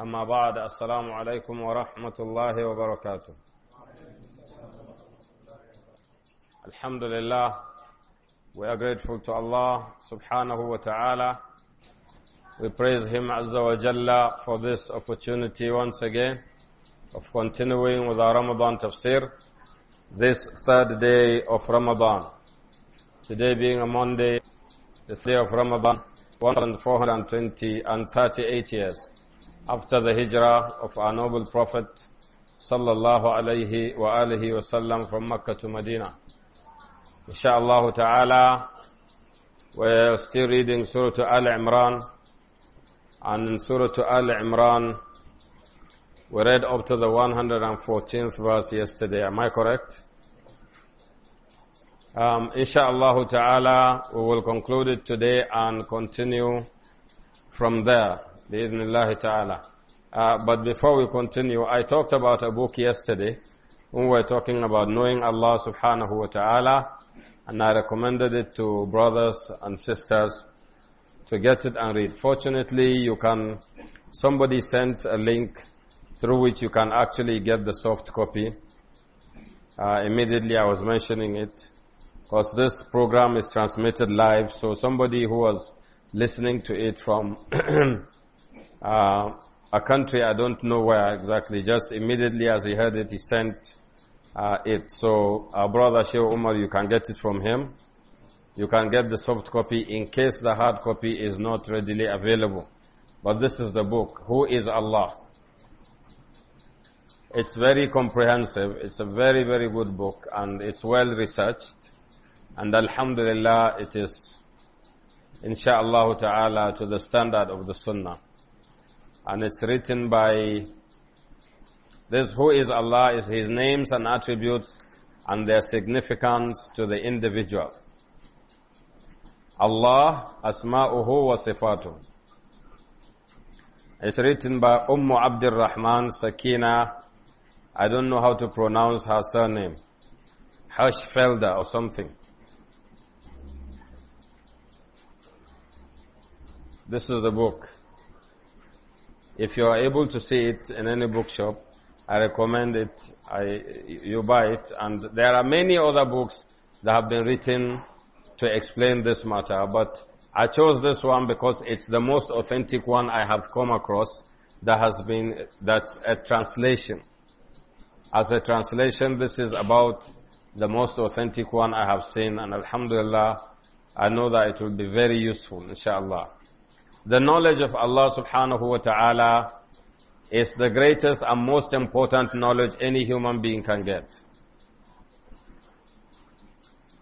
أما بعد السلام عليكم ورحمة الله وبركاته الحمد لله We are grateful to Allah subhanahu wa ta'ala. We praise Him azza wa jalla for this opportunity once again of continuing with our Ramadan tafsir. This third day of Ramadan. Today being a Monday, the day of Ramadan, 1420 and 38 years after the hijrah of our noble prophet sallallahu alaihi wa alihi wasallam from Mecca to Medina. Insha'Allah ta'ala, we're still reading Surah Al-Imran and in Surah Al-Imran we read up to the 114th verse yesterday. Am I correct? Um, Insha'Allah ta'ala, we will conclude it today and continue from there ta'ala. Uh, but before we continue, I talked about a book yesterday when we were talking about knowing Allah subhanahu wa ta'ala and I recommended it to brothers and sisters to get it and read. Fortunately, you can, somebody sent a link through which you can actually get the soft copy. Uh, immediately I was mentioning it because this program is transmitted live. So somebody who was listening to it from uh, a country, I don't know where exactly, just immediately as he heard it, he sent uh, it. So our brother Sheikh Umar, you can get it from him. You can get the soft copy in case the hard copy is not readily available. But this is the book, Who is Allah? It's very comprehensive. It's a very, very good book and it's well researched. And alhamdulillah, it is, inshaAllah ta'ala, to the standard of the sunnah and it's written by this who is Allah is His names and attributes and their significance to the individual. Allah asma'uhu wa sifatu. It's written by Ummu Abdul Rahman Sakina. I don't know how to pronounce her surname. Hirschfelder or something. This is the book. If you are able to see it in any bookshop, I recommend it. I, you buy it. And there are many other books that have been written to explain this matter, but I chose this one because it's the most authentic one I have come across that has been, that's a translation. As a translation, this is about the most authentic one I have seen and Alhamdulillah, I know that it will be very useful, inshallah. The knowledge of Allah subhanahu wa ta'ala is the greatest and most important knowledge any human being can get.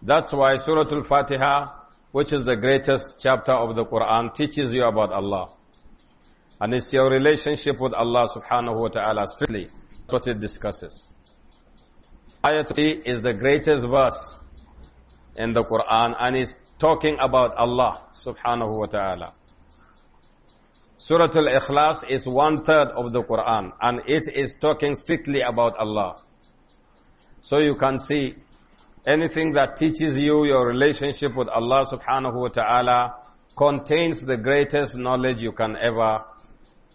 That's why Surah Al-Fatiha, which is the greatest chapter of the Quran, teaches you about Allah. And it's your relationship with Allah subhanahu wa ta'ala strictly. That's what it discusses. Ayat is the greatest verse in the Quran and is talking about Allah subhanahu wa ta'ala. Surah Al-Ikhlas is one third of the Quran and it is talking strictly about Allah. So you can see anything that teaches you your relationship with Allah subhanahu wa ta'ala contains the greatest knowledge you can ever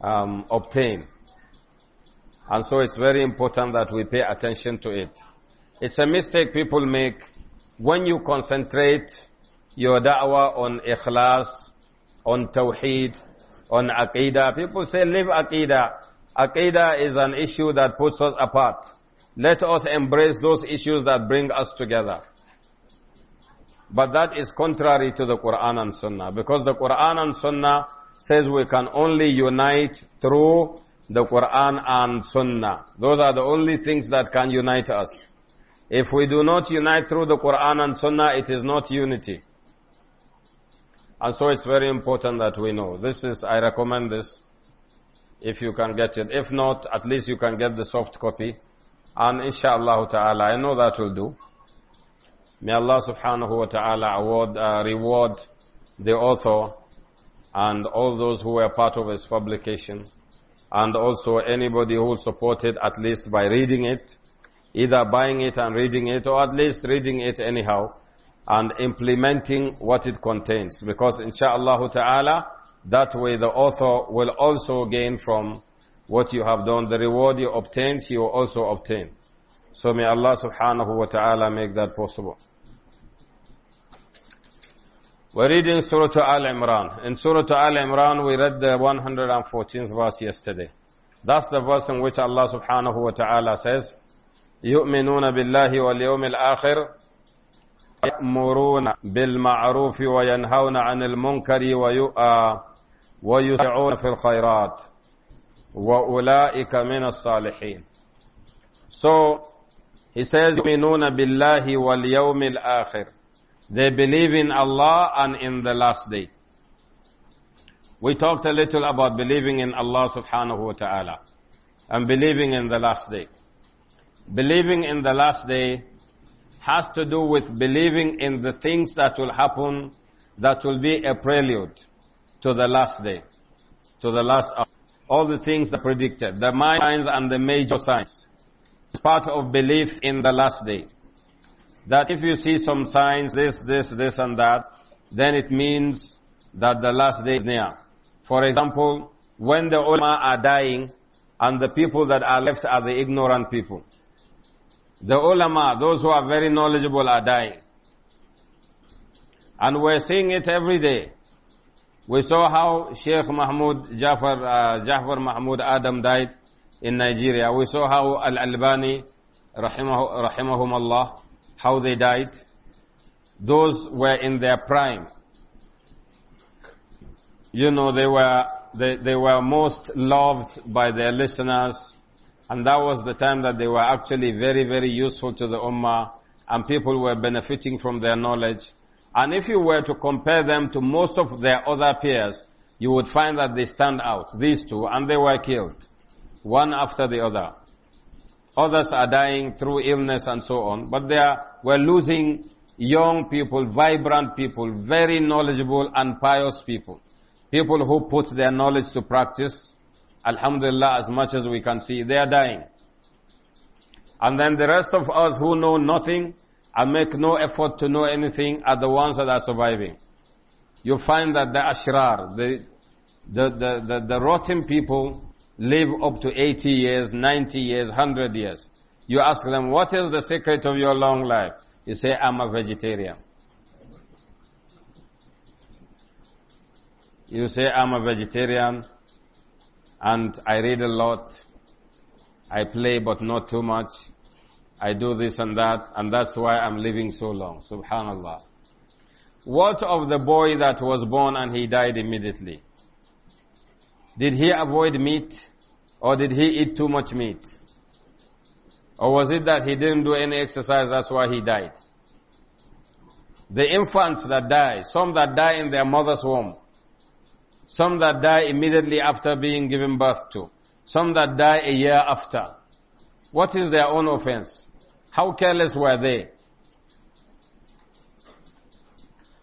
um, obtain. And so it's very important that we pay attention to it. It's a mistake people make when you concentrate your da'wah on ikhlas, on tawheed, on Aqidah. People say, leave Aqidah. Aqidah is an issue that puts us apart. Let us embrace those issues that bring us together. But that is contrary to the Quran and Sunnah. Because the Quran and Sunnah says we can only unite through the Quran and Sunnah. Those are the only things that can unite us. If we do not unite through the Quran and Sunnah, it is not unity. And so it's very important that we know. This is, I recommend this if you can get it. If not, at least you can get the soft copy. And inshallah ta'ala, I know that will do. May Allah subhanahu wa ta'ala award, uh, reward the author and all those who were part of his publication and also anybody who supported at least by reading it, either buying it and reading it or at least reading it anyhow and implementing what it contains. Because insha'Allah ta'ala, that way the author will also gain from what you have done. The reward you obtain, he will also obtain. So may Allah subhanahu wa ta'ala make that possible. We're reading Surah Al-Imran. In Surah Al-Imran, we read the 114th verse yesterday. That's the verse in which Allah subhanahu wa ta'ala says, يُؤْمِنُونَ بِاللَّهِ وَالْيَوْمِ الْآخِرِ يأمرون بالمعروف وينهون عن المنكر ويسعون في الخيرات وأولئك من الصالحين So he says يؤمنون بالله واليوم الآخر They believe in Allah and in the last day. We talked a little about believing in Allah subhanahu wa ta'ala and believing in the last day. Believing in the last day has to do with believing in the things that will happen that will be a prelude to the last day, to the last hour. All the things that predicted, the minor signs and the major signs. It's part of belief in the last day. That if you see some signs, this, this, this and that, then it means that the last day is near. For example, when the ulama are dying and the people that are left are the ignorant people. The ulama, those who are very knowledgeable are dying. And we're seeing it every day. We saw how Sheikh Mahmoud Jafar, uh, Jafar Mahmoud Adam died in Nigeria. We saw how Al-Albani, rahimahum Allah, how they died. Those were in their prime. You know, they were, they, they were most loved by their listeners and that was the time that they were actually very, very useful to the Ummah and people were benefiting from their knowledge. And if you were to compare them to most of their other peers, you would find that they stand out, these two, and they were killed, one after the other. Others are dying through illness and so on, but they are, we're losing young people, vibrant people, very knowledgeable and pious people. People who put their knowledge to practice Alhamdulillah, as much as we can see, they are dying. And then the rest of us who know nothing and make no effort to know anything are the ones that are surviving. You find that the ashrar, the, the, the, the, the rotten people live up to 80 years, 90 years, 100 years. You ask them, what is the secret of your long life? You say, I'm a vegetarian. You say, I'm a vegetarian and I read a lot. I play but not too much. I do this and that, and that's why I'm living so long. Subhanallah. What of the boy that was born and he died immediately? Did he avoid meat? Or did he eat too much meat? Or was it that he didn't do any exercise, that's why he died? The infants that die, some that die in their mother's womb, some that die immediately after being given birth to, some that die a year after. What is their own offense? How careless were they?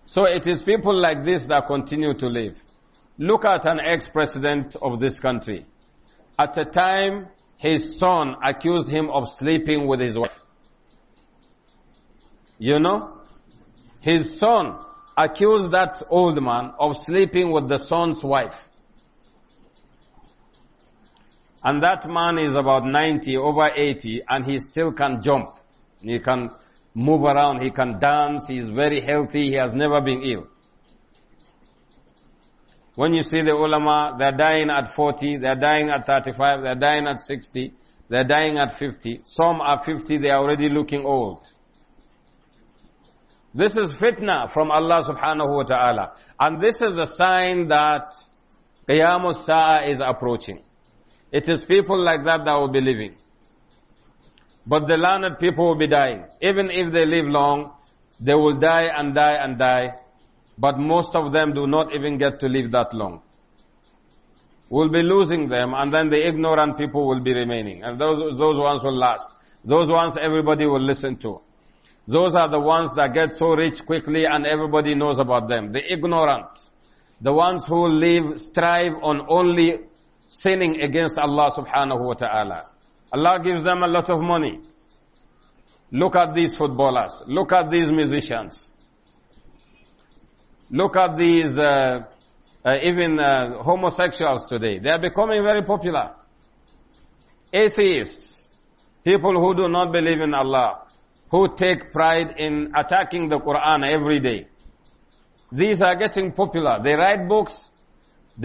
So it is people like this that continue to live. Look at an ex-president of this country. At a time, his son accused him of sleeping with his wife. You know? His son accused that old man of sleeping with the son's wife. And that man is about 90, over 80, and he still can jump. He can move around, he can dance, he is very healthy, he has never been ill. When you see the ulama, they're dying at 40, they're dying at 35, they're dying at 60, they're dying at 50. Some are 50, they are already looking old. This is fitna from Allah subhanahu wa ta'ala. And this is a sign that Qiyamus Sa'ah is approaching. It is people like that that will be living. But the learned people will be dying. Even if they live long, they will die and die and die. But most of them do not even get to live that long. We'll be losing them and then the ignorant people will be remaining. And those, those ones will last. Those ones everybody will listen to. Those are the ones that get so rich quickly and everybody knows about them. The ignorant. The ones who live, strive on only sinning against Allah subhanahu wa ta'ala. Allah gives them a lot of money. Look at these footballers. Look at these musicians. Look at these, uh, uh, even uh, homosexuals today. They are becoming very popular. Atheists. People who do not believe in Allah who take pride in attacking the Quran every day. These are getting popular. They write books.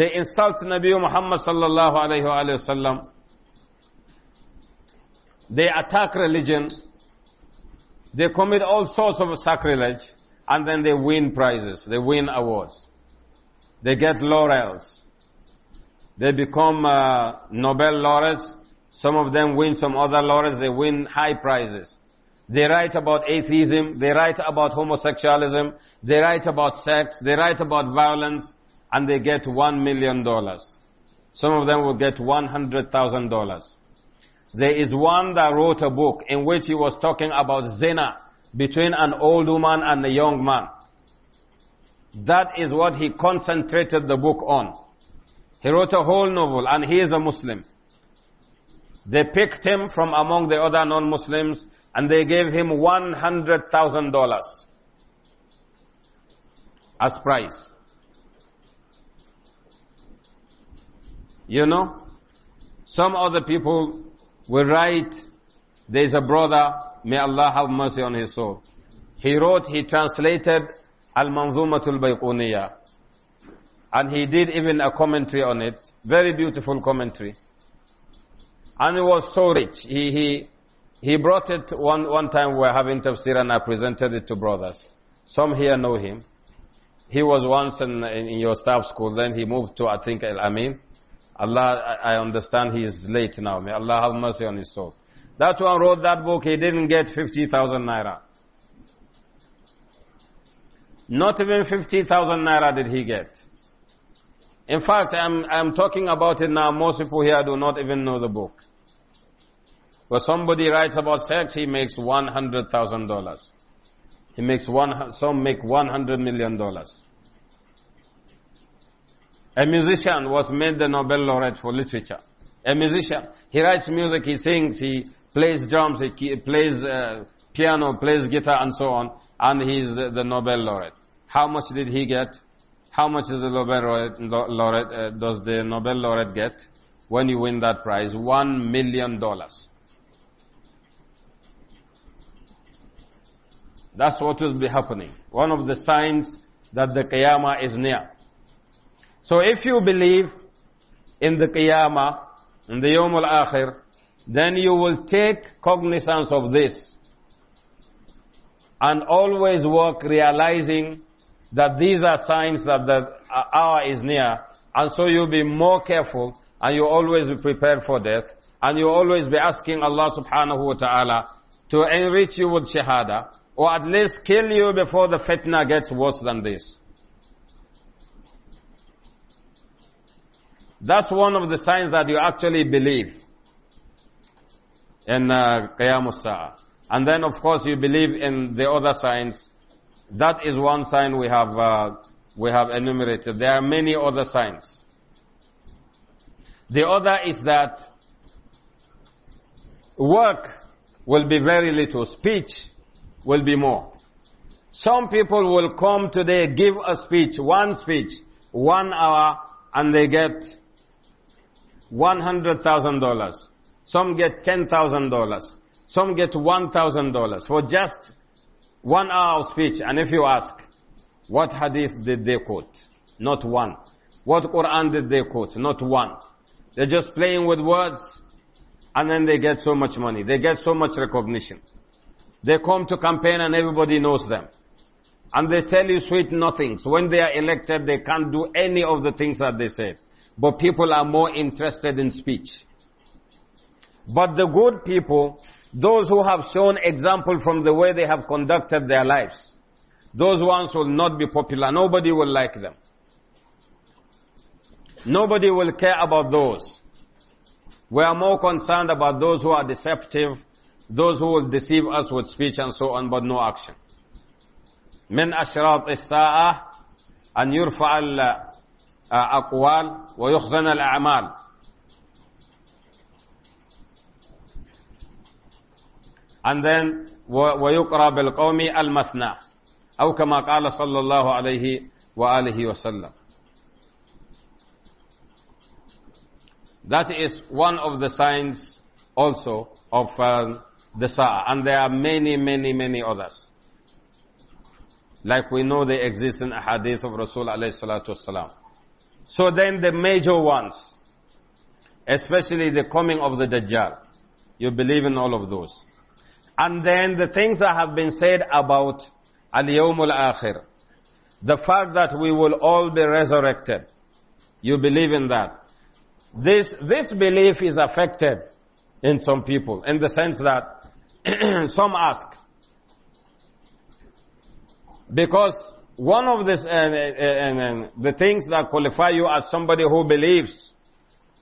They insult Nabi Muhammad sallallahu alayhi wa sallam. They attack religion. They commit all sorts of sacrilege and then they win prizes. They win awards. They get laurels. They become uh, Nobel laureates. Some of them win some other laureates. They win high prizes. They write about atheism, they write about homosexualism, they write about sex, they write about violence, and they get one million dollars. Some of them will get one hundred thousand dollars. There is one that wrote a book in which he was talking about zina between an old woman and a young man. That is what he concentrated the book on. He wrote a whole novel and he is a Muslim. They picked him from among the other non-Muslims and they gave him $100,000 as price. You know, some other people will write, there's a brother, may Allah have mercy on his soul. He wrote, he translated Al-Manzumatul Bayquniyah. And he did even a commentary on it. Very beautiful commentary. And he was so rich. He, he, he brought it one, one time we were having tafsir and I presented it to brothers. Some here know him. He was once in, in, in your staff school, then he moved to, I think, Al Amin. Allah, I, I understand he is late now. May Allah have mercy on his soul. That one wrote that book, he didn't get 50,000 naira. Not even 50,000 naira did he get. In fact, I'm, I'm talking about it now. Most people here do not even know the book. Where somebody writes about sex, he makes $100,000. He makes one, some make $100 million. A musician was made the Nobel laureate for literature. A musician. He writes music, he sings, he plays drums, he plays uh, piano, plays guitar and so on. And he's the, the Nobel laureate. How much did he get? How much is the Nobel laureate uh, does the Nobel laureate get when you win that prize? One million dollars. That's what will be happening. One of the signs that the Qiyamah is near. So if you believe in the Qiyamah, in the Yom Al-Akhir, then you will take cognizance of this and always work realizing that these are signs that the hour is near and so you will be more careful and you always be prepared for death and you always be asking Allah subhanahu wa ta'ala to enrich you with shahada or at least kill you before the fitna gets worse than this. That's one of the signs that you actually believe in uh, And then of course you believe in the other signs. That is one sign we have, uh, we have enumerated. There are many other signs. The other is that work will be very little. Speech will be more. Some people will come today, give a speech, one speech, one hour, and they get $100,000. Some get $10,000. Some get $1,000 for just one hour of speech. And if you ask, what hadith did they quote? Not one. What Quran did they quote? Not one. They're just playing with words and then they get so much money. They get so much recognition. They come to campaign and everybody knows them. And they tell you sweet nothings. When they are elected, they can't do any of the things that they said. But people are more interested in speech. But the good people, those who have shown example from the way they have conducted their lives, those ones will not be popular. Nobody will like them. Nobody will care about those. We are more concerned about those who are deceptive those who will deceive us with speech and so on, but no action. من أشراط الساعة أن يرفع الأقوال ويخزن الأعمال and then ويقرأ بالقوم المثنى أو كما قال صلى الله عليه وآله وسلم That is one of the signs also of uh, the Sa'a. And there are many, many, many others. Like we know they exist in hadith of Rasul alayhi salatu wasalam. So then the major ones, especially the coming of the Dajjal. You believe in all of those. And then the things that have been said about Al-Yawmul Akhir. The fact that we will all be resurrected. You believe in that. This, this belief is affected in some people in the sense that some ask, because one of this, uh, uh, uh, the things that qualify you as somebody who believes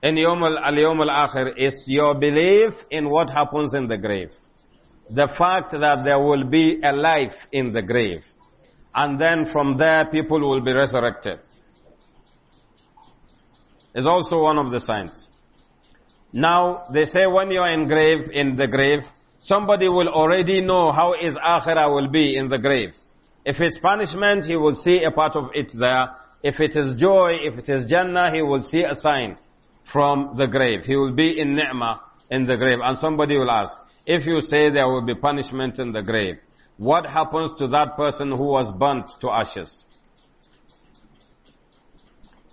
in Yom al-Yom al-Akhir is your belief in what happens in the grave. The fact that there will be a life in the grave. And then from there people will be resurrected. Is also one of the signs. Now, they say when you are in grave, in the grave, Somebody will already know how his akhirah will be in the grave. If it's punishment, he will see a part of it there. If it is joy, if it is Jannah, he will see a sign from the grave. He will be in ni'mah in the grave. And somebody will ask, if you say there will be punishment in the grave, what happens to that person who was burnt to ashes?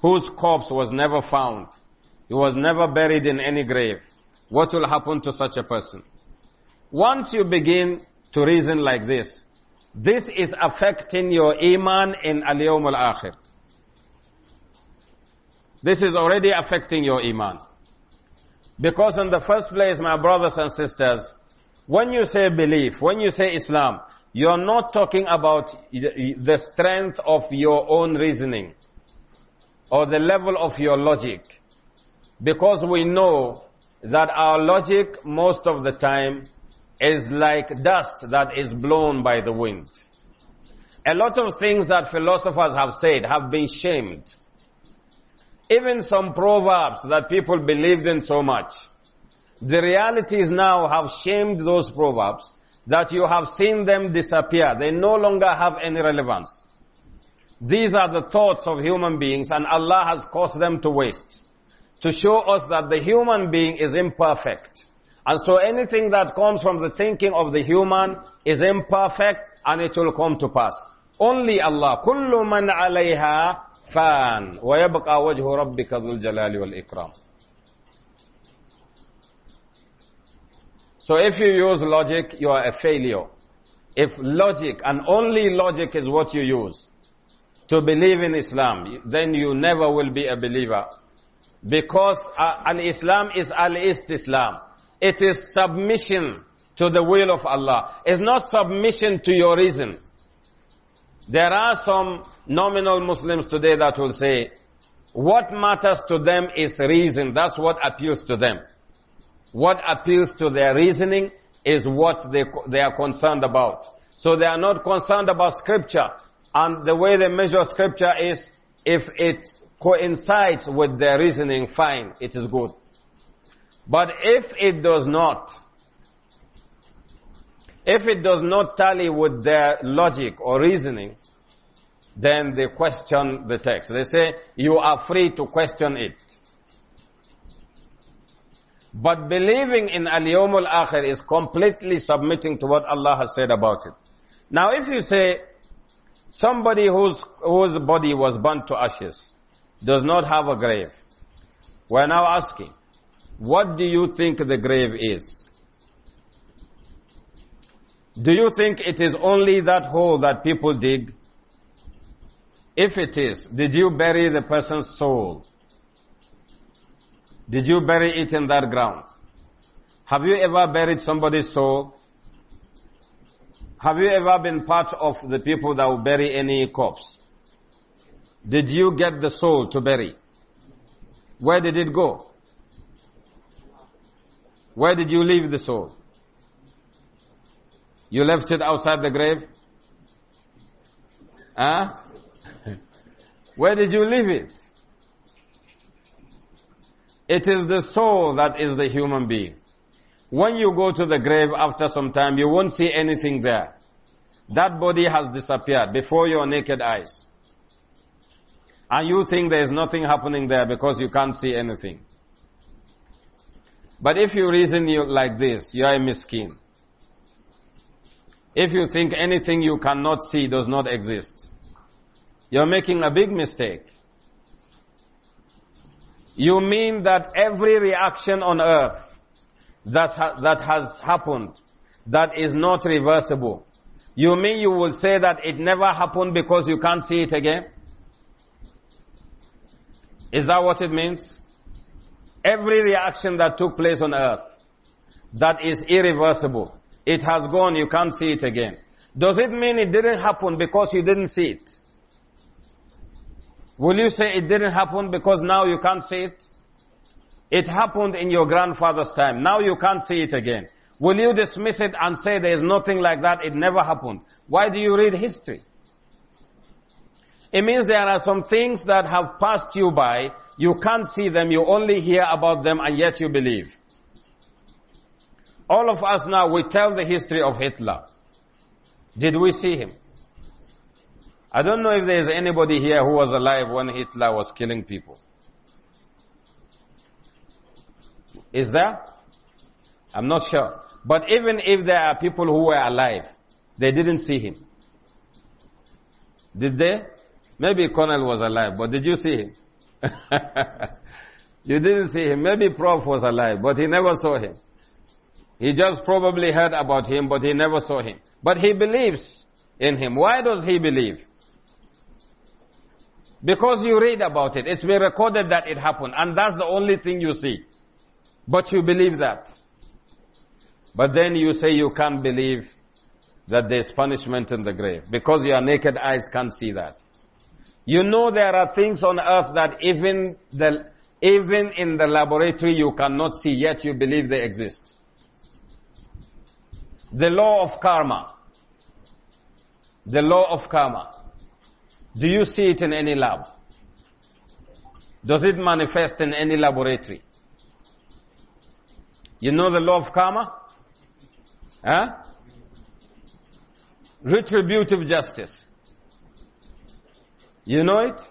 Whose corpse was never found? He was never buried in any grave. What will happen to such a person? Once you begin to reason like this, this is affecting your iman in al-yawm al-akhir. This is already affecting your iman. Because in the first place, my brothers and sisters, when you say belief, when you say Islam, you're not talking about the strength of your own reasoning or the level of your logic. Because we know that our logic most of the time is like dust that is blown by the wind. A lot of things that philosophers have said have been shamed. Even some proverbs that people believed in so much. The realities now have shamed those proverbs that you have seen them disappear. They no longer have any relevance. These are the thoughts of human beings and Allah has caused them to waste. To show us that the human being is imperfect. And so anything that comes from the thinking of the human is imperfect and it will come to pass. Only Allah. كل من عليها فان ويبقى وجه ربك ذو الجلال والإكرام. So if you use logic, you are a failure. If logic and only logic is what you use to believe in Islam, then you never will be a believer. Because uh, an Islam is al Islam. It is submission to the will of Allah. It's not submission to your reason. There are some nominal Muslims today that will say, what matters to them is reason. That's what appeals to them. What appeals to their reasoning is what they, they are concerned about. So they are not concerned about scripture. And the way they measure scripture is if it coincides with their reasoning, fine, it is good. But if it does not, if it does not tally with their logic or reasoning, then they question the text. They say, you are free to question it. But believing in Al-Yawm akhir is completely submitting to what Allah has said about it. Now if you say, somebody whose, whose body was burnt to ashes does not have a grave, we're now asking, what do you think the grave is? Do you think it is only that hole that people dig? If it is, did you bury the person's soul? Did you bury it in that ground? Have you ever buried somebody's soul? Have you ever been part of the people that will bury any corpse? Did you get the soul to bury? Where did it go? Where did you leave the soul? You left it outside the grave? Ah? Huh? Where did you leave it? It is the soul that is the human being. When you go to the grave after some time, you won't see anything there. That body has disappeared before your naked eyes. And you think there is nothing happening there because you can't see anything. But if you reason you like this, you are a miskin. If you think anything you cannot see does not exist, you're making a big mistake. You mean that every reaction on earth that, ha- that has happened, that is not reversible, you mean you will say that it never happened because you can't see it again? Is that what it means? Every reaction that took place on earth, that is irreversible. It has gone, you can't see it again. Does it mean it didn't happen because you didn't see it? Will you say it didn't happen because now you can't see it? It happened in your grandfather's time. Now you can't see it again. Will you dismiss it and say there is nothing like that? It never happened. Why do you read history? It means there are some things that have passed you by you can't see them, you only hear about them and yet you believe. All of us now, we tell the history of Hitler. Did we see him? I don't know if there is anybody here who was alive when Hitler was killing people. Is there? I'm not sure. But even if there are people who were alive, they didn't see him. Did they? Maybe Colonel was alive, but did you see him? you didn't see him. Maybe Prof was alive, but he never saw him. He just probably heard about him, but he never saw him. But he believes in him. Why does he believe? Because you read about it. It's been recorded that it happened. And that's the only thing you see. But you believe that. But then you say you can't believe that there's punishment in the grave. Because your naked eyes can't see that. You know there are things on earth that even the, even in the laboratory you cannot see, yet you believe they exist. The law of karma. The law of karma. Do you see it in any lab? Does it manifest in any laboratory? You know the law of karma? Huh? Retributive justice. You know it?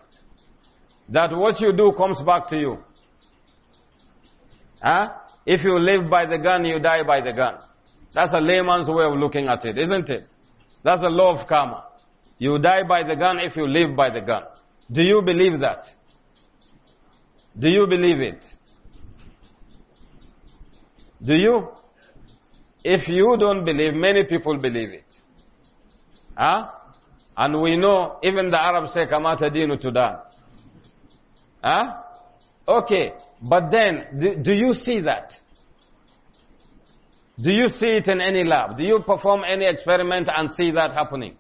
That what you do comes back to you. Huh? If you live by the gun, you die by the gun. That's a layman's way of looking at it, isn't it? That's the law of karma. You die by the gun if you live by the gun. Do you believe that? Do you believe it? Do you? If you don't believe, many people believe it. Huh? And we know even the Arabs say Kamata Dinu Tuda. Huh? Okay, but then do, do you see that? Do you see it in any lab? Do you perform any experiment and see that happening?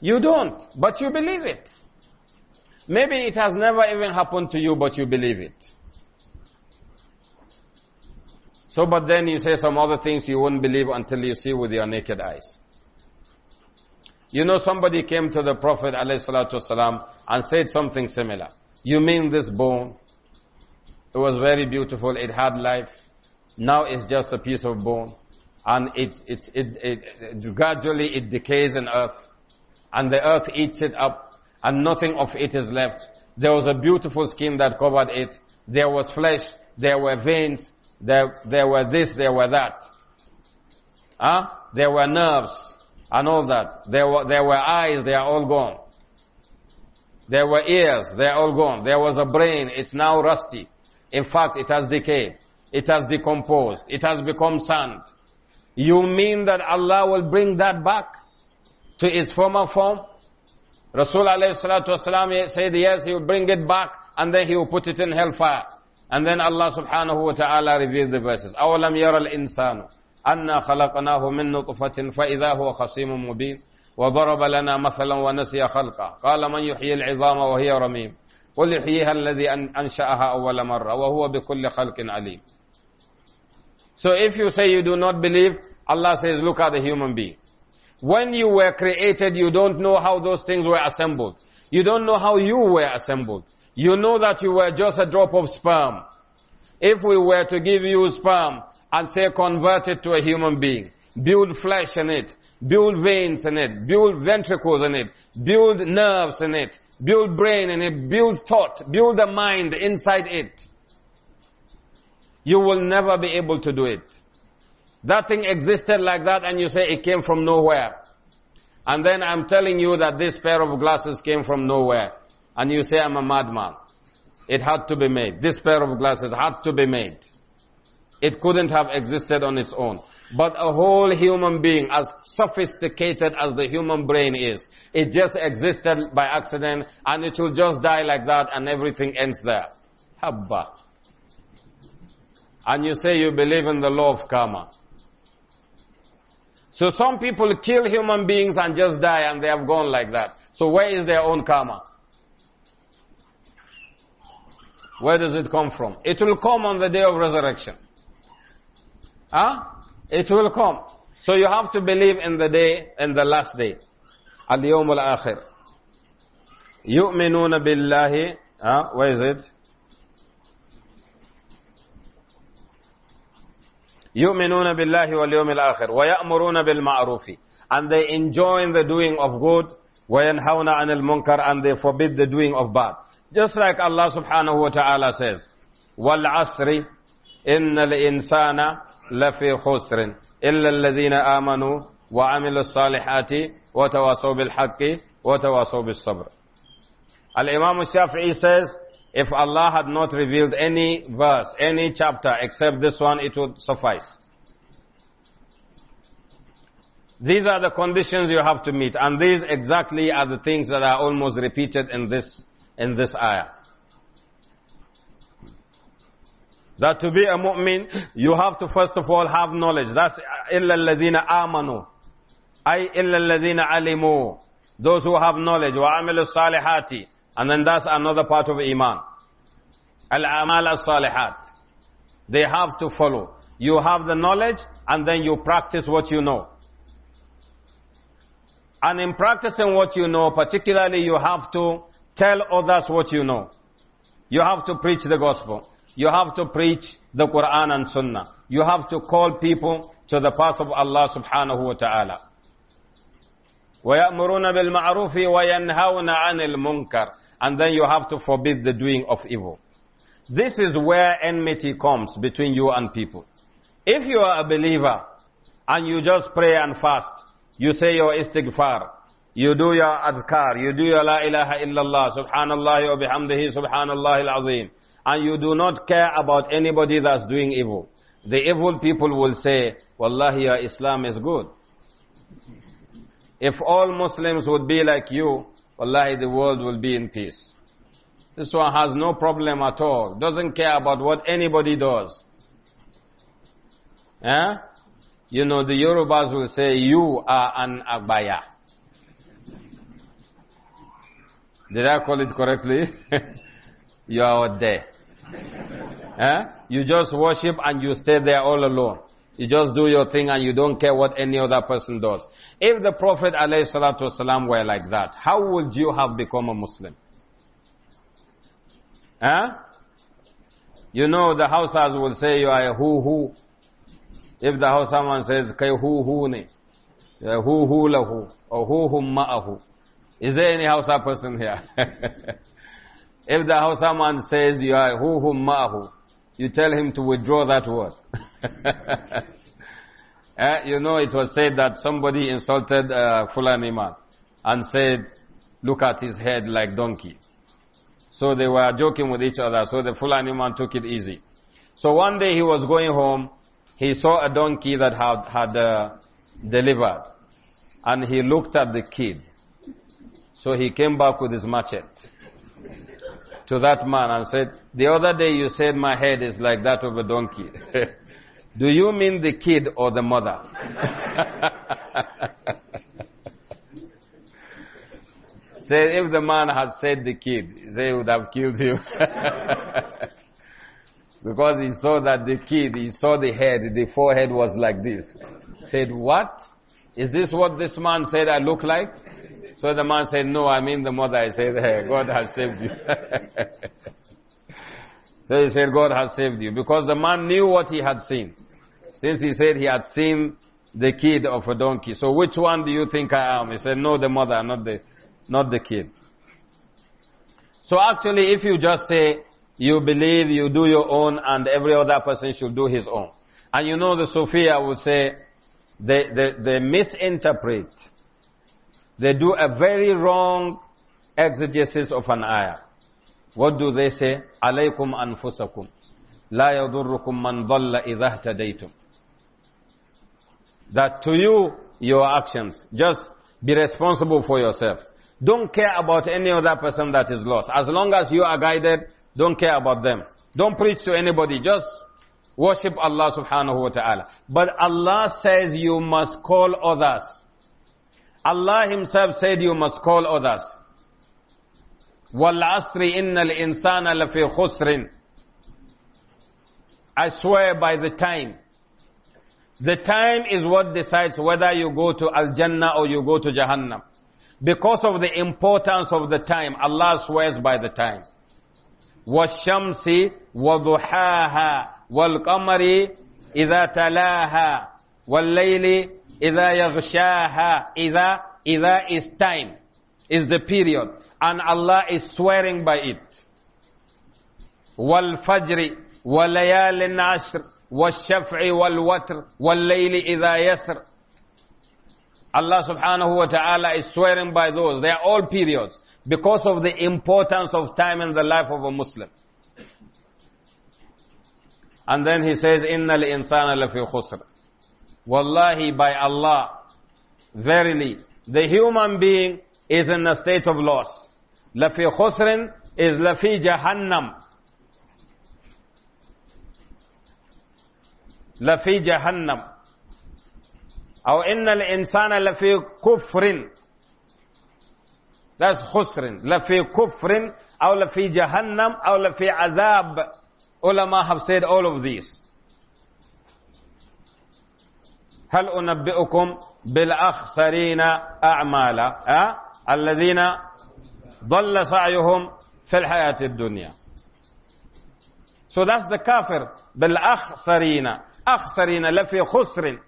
You don't, but you believe it. Maybe it has never even happened to you, but you believe it. So, but then you say some other things you will not believe until you see with your naked eyes. You know somebody came to the Prophet ﷺ and said something similar. You mean this bone? It was very beautiful. It had life. Now it's just a piece of bone. And it, it, it, it, gradually it decays in earth. And the earth eats it up. And nothing of it is left. There was a beautiful skin that covered it. There was flesh. There were veins. There, there were this, there were that. Huh? There were nerves and all that. There were, there were eyes, they are all gone. There were ears, they are all gone. There was a brain, it's now rusty. In fact, it has decayed. It has decomposed. It has become sand. You mean that Allah will bring that back to its former form? Rasul said yes, he will bring it back and then he will put it in hellfire. And then Allah subhanahu wa ta'ala revealed the verses. أَوَلَمْ يَرَ الْإِنسَانُ أنا خلقناه من نطفة فإذا هو خصيم مبين وضرب لنا مثلا ونسي خلقه قال من يحيي العظام وهي رميم قل يحييها الذي أنشأها أول مرة وهو بكل خلق عليم So if you say you do not believe, Allah says, look at the human being. When you were created, you don't know how those things were assembled. You don't know how you were assembled. You know that you were just a drop of sperm. If we were to give you sperm, and say convert it to a human being. Build flesh in it. Build veins in it. Build ventricles in it. Build nerves in it. Build brain in it. Build thought. Build a mind inside it. You will never be able to do it. That thing existed like that and you say it came from nowhere. And then I'm telling you that this pair of glasses came from nowhere. And you say I'm a madman. It had to be made. This pair of glasses had to be made. It couldn't have existed on its own. But a whole human being, as sophisticated as the human brain is, it just existed by accident and it will just die like that and everything ends there. Habba. And you say you believe in the law of karma. So some people kill human beings and just die and they have gone like that. So where is their own karma? Where does it come from? It will come on the day of resurrection. Huh? It will come. So you have to believe in the day, in the last day. اليوم الآخر. يؤمنون بالله. Ah, Where is it? يؤمنون بالله واليوم الآخر ويأمرون بالمعروف and they enjoin the doing of good وينهون عن المنكر and they forbid the doing of bad just like Allah subhanahu wa ta'ala says والعصر إن الإنسان لفي خسر إلا الذين آمنوا وعملوا الصالحات وتواصوا بالحق وتواصوا بالصبر Al-Imam Shafi'i says, if Allah had not revealed any verse, any chapter except this one, it would suffice. These are the conditions you have to meet, and these exactly are the things that are almost repeated in this, in this ayah. That to be a mu'min, you have to first of all have knowledge. That's إِلَّا الَّذِينَ آمَنُوا أي إِلَّا الَّذِينَ عَلِمُوا Those who have knowledge. وَعَمِلُوا الصَّالِحَاتِ And then that's another part of Iman. Al-amal salihat They have to follow. You have the knowledge and then you practice what you know. And in practicing what you know, particularly you have to tell others what you know. You have to preach the gospel. You have to preach the Quran and Sunnah. You have to call people to the path of Allah subhanahu wa ta'ala. وَيَأْمُرُونَ بِالْمَعْرُوفِ وَيَنْهَوْنَ عَنِ الْمُنْكَرِ And then you have to forbid the doing of evil. This is where enmity comes between you and people. If you are a believer and you just pray and fast, you say your istighfar, you do your adhkar, you do your la ilaha illallah, subhanallah wa bihamdihi, subhanallah al-azim, and you do not care about anybody that's doing evil, the evil people will say, Wallahi, your Islam is good. If all Muslims would be like you, Wallahi, the world will be in peace. This one has no problem at all. Doesn't care about what anybody does. Eh? You know, the Yorubas will say, you are an abaya. Did I call it correctly? you are there eh? You just worship and you stay there all alone. You just do your thing and you don't care what any other person does. If the Prophet ﷺ were like that, how would you have become a Muslim? Huh? Eh? You know the Hausas will say you are a hoo-hoo. If the Hausa man says, kai hoo-hoo ne, eh, hoo-hoo lahu, or hoo-hoo ma'ahu. Is there any Hausa person here? If the Hausa man says you are huhum mahu, you tell him to withdraw that word. Eh, you know, it was said that somebody insulted uh, Fulani man and said, look at his head like donkey. So they were joking with each other. So the Fulani man took it easy. So one day he was going home. He saw a donkey that had, had uh, delivered. And he looked at the kid. So he came back with his machete. to that man and said, the other day you said my head is like that of a donkey. Do you mean the kid or the mother? say, if the man had said the kid, they would have killed him. because he saw that the kid, he saw the head, the forehead was like this. Said, what? Is this what this man said I look like? So the man said, no, I mean the mother. I said, hey, eh, God has saved you. so he said, God has saved you. Because the man knew what he had seen. Since he said he had seen the kid of a donkey. So which one do you think I am? He said, no, the mother, not the, not the kid. So actually, if you just say, you believe, you do your own, and every other person should do his own. And you know the Sophia would say, they, they, they misinterpret they do a very wrong exegesis of an ayah. What do they say? Alaykum anfusakum. La yadurrukum man dhalla idha That to you, your actions. Just be responsible for yourself. Don't care about any other person that is lost. As long as you are guided, don't care about them. Don't preach to anybody. Just worship Allah subhanahu wa ta'ala. But Allah says you must call others. Allah himself said you must call others. وَالْعَصْرِ إِنَّ الْإِنسَانَ لَفِي خُسْرٍ I swear by the time. The time is what decides whether you go to Al-Jannah or you go to Jahannam. Because of the importance of the time, Allah swears by the time. وَالشَّمْسِ وَضُحَاهَا وَالْقَمَرِ إِذَا تَلَاهَا وَاللَّيْلِ إِذَا يَغْشَاهَا Ida, ida is time, is the period. And Allah is swearing by it. wal shaf'i, wal وَالشَّفْعِ wal وَاللَّيْلِ ida yasr. Allah subhanahu wa ta'ala is swearing by those. They are all periods because of the importance of time in the life of a Muslim. And then he says, إِنَّ الْإِنسَانَ لَفِي khusr. Wallahi, by Allah, verily, the human being is in a state of loss. Lafi khusrin is lafi jahannam. Lafi jahannam. Aw innal insana lafi kufrin. That's خسر لفي كفر أو لفي جهنم أو لفي عذاب Ulama have said all of these. هل أنبئكم بالأخسرين أعمالا أه؟ الذين ضل سعيهم في الحياة الدنيا So that's the kafir بالأخسرين أخسرين لفي خسر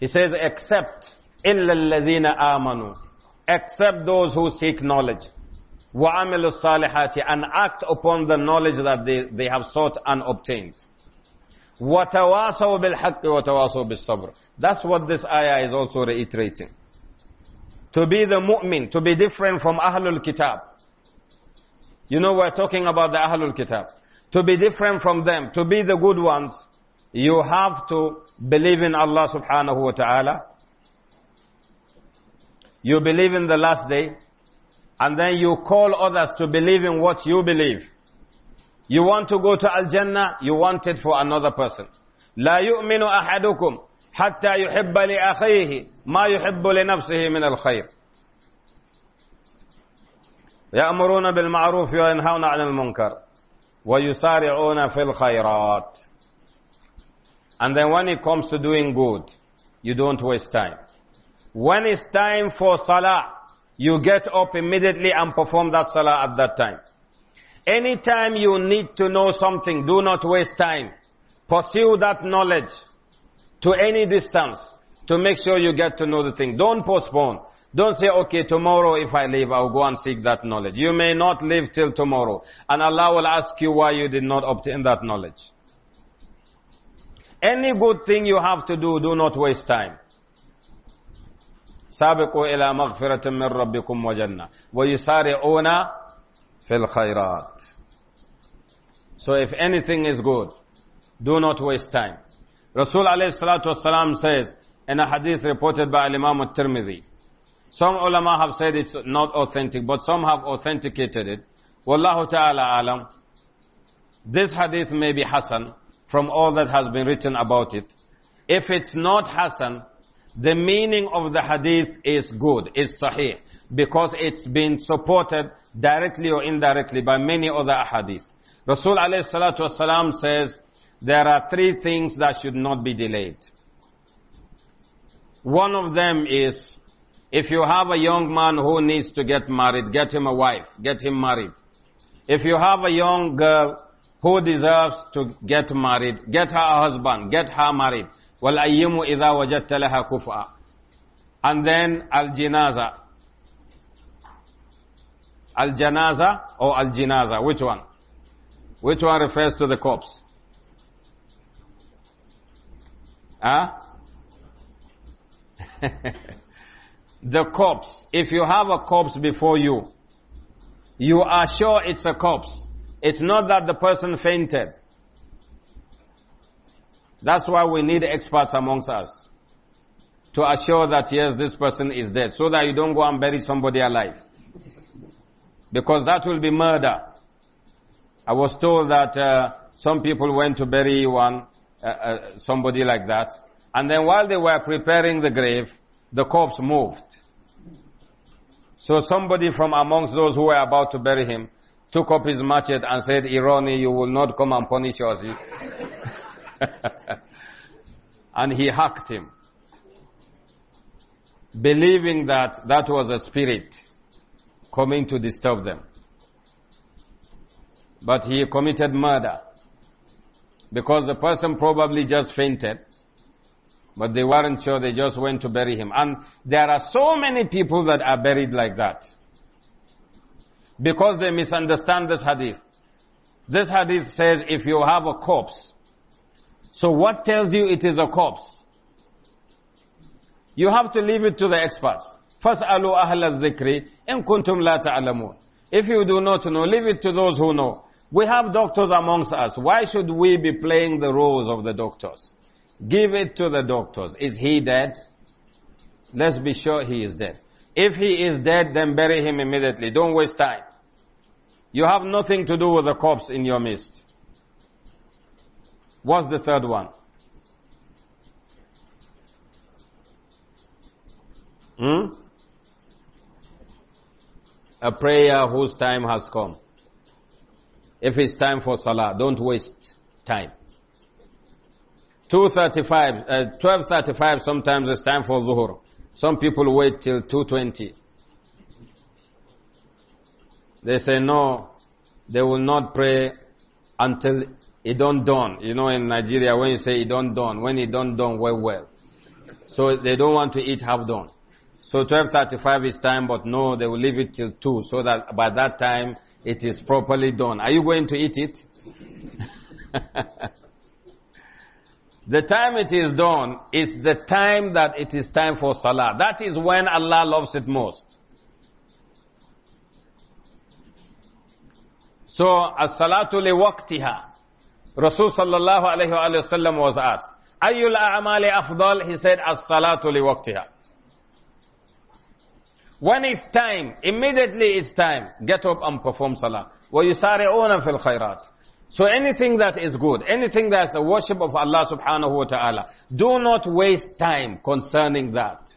He says except إلا الذين آمنوا except those who seek knowledge وعملوا الصالحات and act upon the knowledge that they, they have sought and obtained وَتَوَاسَوْا بِالْحَقِّ وَتَوَاسَوْا بِالصَّبْرِ That's what this ayah is also reiterating. To be the mu'min, to be different from Ahlul Kitab. You know we're talking about the Ahlul Kitab. To be different from them, to be the good ones, you have to believe in Allah subhanahu wa ta'ala. You believe in the last day, and then you call others to believe in what you believe. You want to go to Al-Jannah, you want it for another person. لا يؤمن أحدكم حتى يحب لأخيه ما يحب لنفسه من الخير. يأمرون بالمعروف وينهون عن المنكر ويسارعون في الخيرات. And then when it comes to doing good, you don't waste time. When it's time for salah, you get up immediately and perform that salah at that time. Anytime you need to know something, do not waste time. Pursue that knowledge to any distance to make sure you get to know the thing. Don't postpone. Don't say, okay, tomorrow if I leave, I'll go and seek that knowledge. You may not live till tomorrow. And Allah will ask you why you did not obtain that knowledge. Any good thing you have to do, do not waste time. سابقوا إلى مغفرة من ربكم وجنة ويسارعون fil khairat. So if anything is good, do not waste time. Rasul alayhi salatu wasalam says in a hadith reported by Imam al-Tirmidhi, some ulama have said it's not authentic, but some have authenticated it. Wallahu ta'ala alam. This hadith may be Hassan from all that has been written about it. If it's not Hassan, the meaning of the hadith is good, is sahih, because it's been supported directly or indirectly by many other ahadith. Rasul alayhi salatu wasalam says, there are three things that should not be delayed. One of them is, if you have a young man who needs to get married, get him a wife, get him married. If you have a young girl who deserves to get married, get her a husband, get her married. وَالْأَيِّمُ إِذَا وَجَدْتَ لَهَا كُفْءًا And then al-jinaza. Al janaza or al jinaza? Which one? Which one refers to the corpse? Ah? Huh? the corpse. If you have a corpse before you, you are sure it's a corpse. It's not that the person fainted. That's why we need experts amongst us to assure that yes, this person is dead so that you don't go and bury somebody alive because that will be murder. I was told that uh, some people went to bury one, uh, uh, somebody like that, and then while they were preparing the grave, the corpse moved. So somebody from amongst those who were about to bury him took up his machete and said, Ironi, you will not come and punish us. and he hacked him, believing that that was a spirit coming to disturb them. But he committed murder because the person probably just fainted, but they weren't sure, they just went to bury him. And there are so many people that are buried like that because they misunderstand this hadith. This hadith says if you have a corpse, so what tells you it is a corpse? You have to leave it to the experts. First, فَاسْأَلُوا أَهْلَ الذِّكْرِ if you do not know, leave it to those who know. We have doctors amongst us. Why should we be playing the roles of the doctors? Give it to the doctors. Is he dead? Let's be sure he is dead. If he is dead, then bury him immediately. Don't waste time. You have nothing to do with the corpse in your midst. What's the third one? Hmm? a prayer whose time has come. If it's time for salah, don't waste time. 2.35, uh, 12.35 sometimes it's time for zuhur. Some people wait till 2.20. They say no, they will not pray until it don't dawn. You know in Nigeria when you say it don't dawn, when it don't dawn, well, well. So they don't want to eat half dawn. So 12.35 is time, but no, they will leave it till 2, so that by that time it is properly done. Are you going to eat it? the time it is done is the time that it is time for salah. That is when Allah loves it most. So, as salatul liwaqtiha. Rasul sallallahu was asked, Ayyul a'amali afdal? He said, as salatul liwaqtiha. When it's time, immediately it's time, get up and perform salah. وَيُسَارِعُونَ فِي الْخَيْرَاتِ So anything that is good, anything that's the worship of Allah subhanahu wa ta'ala, do not waste time concerning that.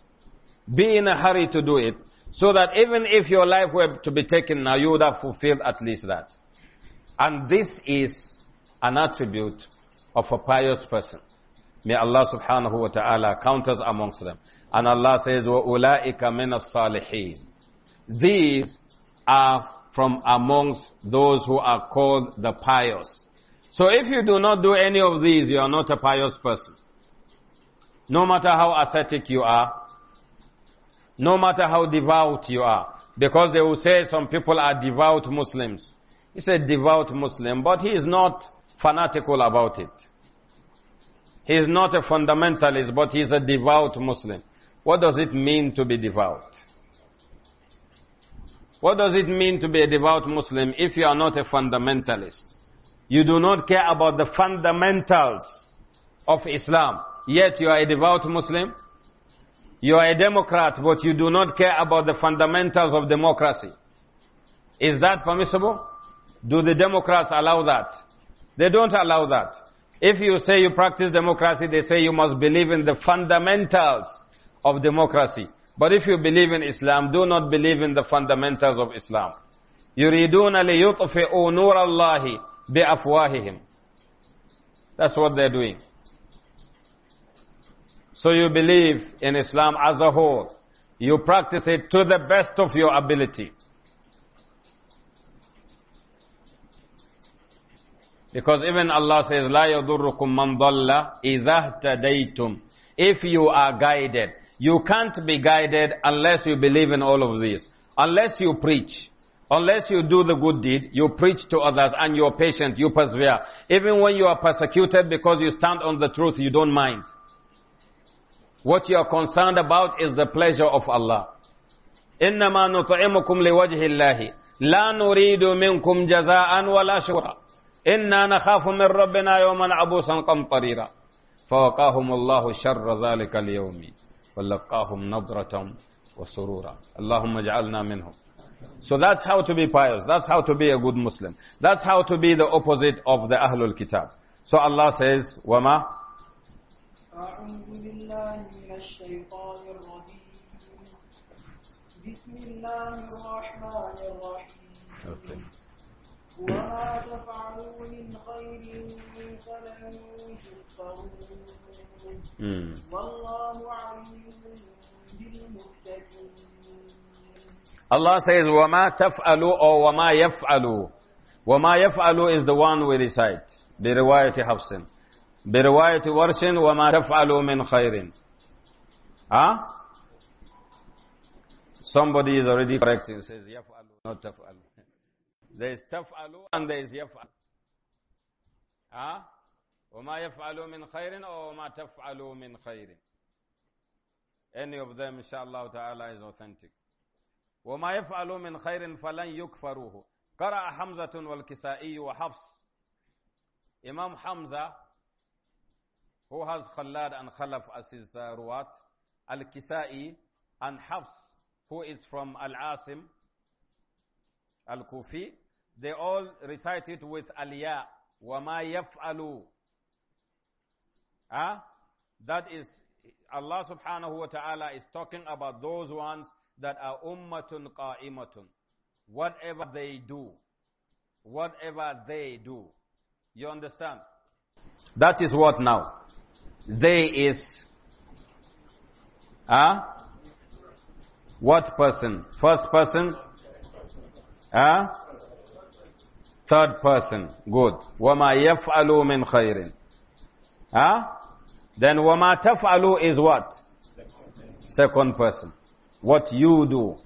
Be in a hurry to do it, so that even if your life were to be taken now, you would have fulfilled at least that. And this is an attribute of a pious person. May Allah subhanahu wa ta'ala count us amongst them. And Allah says, وَأُولَٰئِكَ مِنَ الصَّالِحِينَ These are from amongst those who are called the pious. So if you do not do any of these, you are not a pious person. No matter how ascetic you are, no matter how devout you are, because they will say some people are devout Muslims. He's a devout Muslim, but he is not fanatical about it. He is not a fundamentalist, but he is a devout Muslim. What does it mean to be devout? What does it mean to be a devout Muslim if you are not a fundamentalist? You do not care about the fundamentals of Islam, yet you are a devout Muslim? You are a Democrat, but you do not care about the fundamentals of democracy. Is that permissible? Do the Democrats allow that? They don't allow that. If you say you practice democracy, they say you must believe in the fundamentals of democracy. But if you believe in Islam, do not believe in the fundamentals of Islam. يريدون ليطفئوا نور الله بأفواههم. That's what they're doing. So you believe in Islam as a whole. You practice it to the best of your ability. Because even Allah says, لا يضركم من ضل إذا اهتديتم. If you are guided, you can't be guided unless you believe in all of this. Unless you preach. Unless you do the good deed, you preach to others and you're patient, you persevere. Even when you are persecuted because you stand on the truth, you don't mind. What you are concerned about is the pleasure of Allah. إنما نطعمكم لوجه الله لا نريد منكم جزاء ولا شكرا إنا نخاف من ربنا يوما عبوسا قمطريرا فوقاهم الله شر ذلك اليوم ولقاهم نظرة وسرورا اللهم اجعلنا منهم So that's how to be pious. That's how to be a good Muslim. That's how to be the opposite of the Ahlul Kitab. So Allah says, وَمَا أعوذ بالله من الشيطان الرجيم بسم الله الرحمن الرحيم okay. وما تفعلوا من خير والله عليم Allah says, وَمَا تَفْعَلُوا or وَمَا يَفْعَلُوا وَمَا يَفْعَلُوا is the one we recite. برواية حفص. برواية ورش وَمَا تَفْعَلُوا مِنْ خَيْرٍ Huh? Somebody is already correcting, says يَفْعَلُوا not تَفْعَلُوا. There is taf'alu and there is yaf'alu. Huh? وَمَا يَفْعَلُوا مِنْ خَيْرٍ or وَمَا تَفْعَلُوا مِنْ خَيْرٍ Any of them, inshallah ta'ala, is authentic. وما يفعلوا من خير فلن يكفروه قرأ حمزة والكسائي وحفص Imam Hamza who has Khalad and Khalaf as his uh, ruwat Al-Kisai and Hafs who is from Al-Asim Al-Kufi They all recite it with aliyah. وَمَا yafalu. Huh? That is, Allah subhanahu wa ta'ala is talking about those ones that are ummatun qa'imatun. Whatever they do. Whatever they do. You understand? That is what now? They is, ah, huh? What person? First person? ah, huh? Third person, good. وَمَا يَفْعَلُوا مِنْ خَيْرٍ Huh? Then وَمَا تَفْعَلُوا is what? Second person. What you do.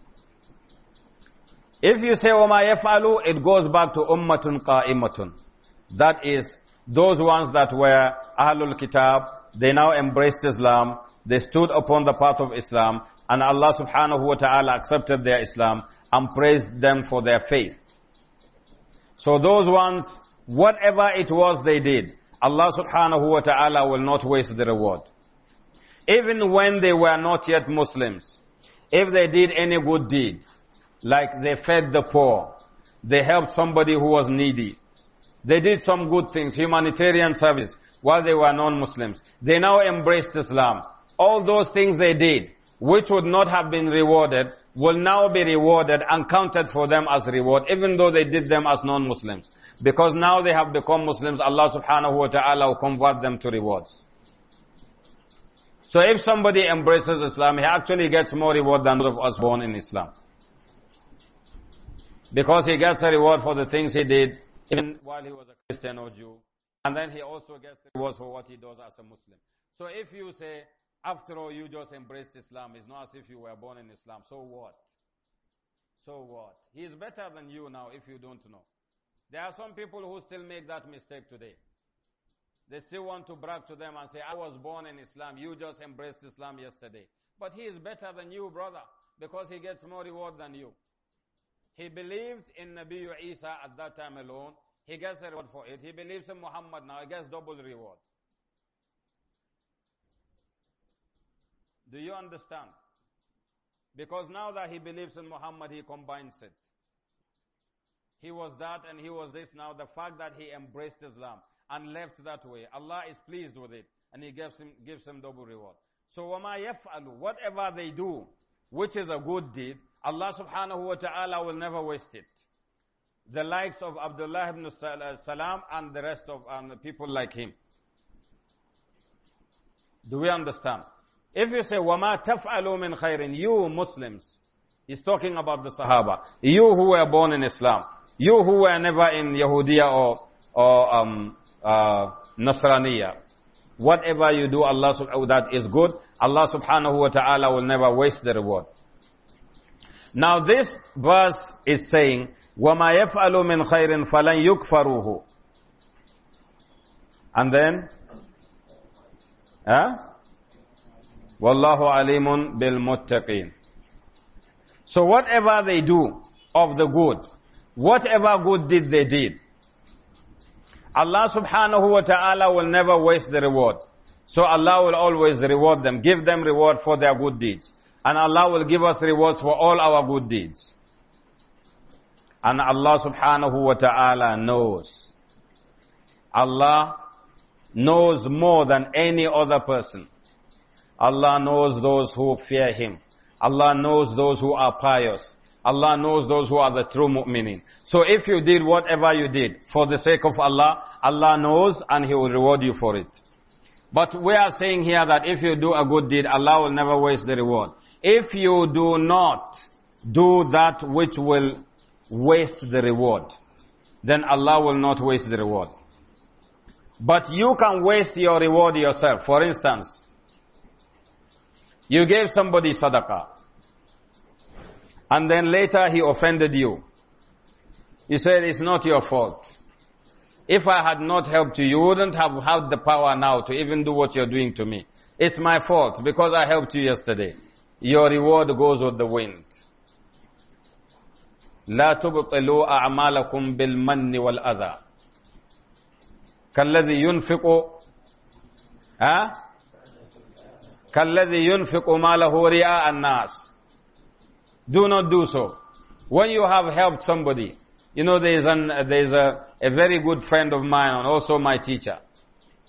If you say وَمَا يَفْعَلُوا, it goes back to أُمَّةٌ قَائِمَةٌ. That is, those ones that were Ahlul Kitab, they now embraced Islam, they stood upon the path of Islam, and Allah subhanahu wa ta'ala accepted their Islam and praised them for their faith. So those ones, whatever it was they did, Allah subhanahu wa ta'ala will not waste the reward. Even when they were not yet Muslims, if they did any good deed, like they fed the poor, they helped somebody who was needy, they did some good things, humanitarian service, while they were non-Muslims. They now embraced Islam. All those things they did, which would not have been rewarded will now be rewarded and counted for them as reward, even though they did them as non-Muslims. Because now they have become Muslims, Allah subhanahu wa ta'ala will convert them to rewards. So if somebody embraces Islam, he actually gets more reward than those of us born in Islam. Because he gets a reward for the things he did, even while he was a Christian or Jew. And then he also gets rewards for what he does as a Muslim. So if you say, after all, you just embraced Islam. It's not as if you were born in Islam. So what? So what? He is better than you now if you don't know. There are some people who still make that mistake today. They still want to brag to them and say, I was born in Islam. You just embraced Islam yesterday. But he is better than you, brother, because he gets more reward than you. He believed in Nabi Isa at that time alone. He gets a reward for it. He believes in Muhammad now. He gets double reward. Do you understand? Because now that he believes in Muhammad, he combines it. He was that and he was this. Now the fact that he embraced Islam and left that way, Allah is pleased with it and he gives him, gives him double reward. So وَمَا يَفْعَلُ Whatever they do, which is a good deed, Allah subhanahu wa ta'ala will never waste it. The likes of Abdullah ibn Salam and the rest of um, people like him. Do we understand? If you say, وَمَا تَفْعَلُوا مِنْ خَيْرٍ You Muslims, he's talking about the Sahaba. You who were born in Islam. You who were never in Yahudiya or, or um, uh, Nasraniya. Whatever you do, Allah subhanahu oh, is good. Allah subhanahu wa ta'ala will never waste the reward. Now this verse is saying, وَمَا يَفْعَلُوا مِنْ خَيْرٍ فَلَنْ يُكْفَرُوهُ And then, huh? Wallahu alimun bil muttaqin. So whatever they do of the good, whatever good did they did, Allah subhanahu wa ta'ala will never waste the reward. So Allah will always reward them, give them reward for their good deeds. And Allah will give us rewards for all our good deeds. And Allah subhanahu wa ta'ala knows. Allah knows more than any other person Allah knows those who fear Him. Allah knows those who are pious. Allah knows those who are the true mu'minin. So if you did whatever you did for the sake of Allah, Allah knows and He will reward you for it. But we are saying here that if you do a good deed, Allah will never waste the reward. If you do not do that which will waste the reward, then Allah will not waste the reward. But you can waste your reward yourself. For instance, you gave somebody sadaqah. And then later he offended you. He said, it's not your fault. If I had not helped you, you wouldn't have had the power now to even do what you're doing to me. It's my fault because I helped you yesterday. Your reward goes with the wind. لا تبطلوا أعمالكم بالمن والأذى كالذي ينفق ها do not do so. When you have helped somebody, you know there is an, there is a, a very good friend of mine and also my teacher.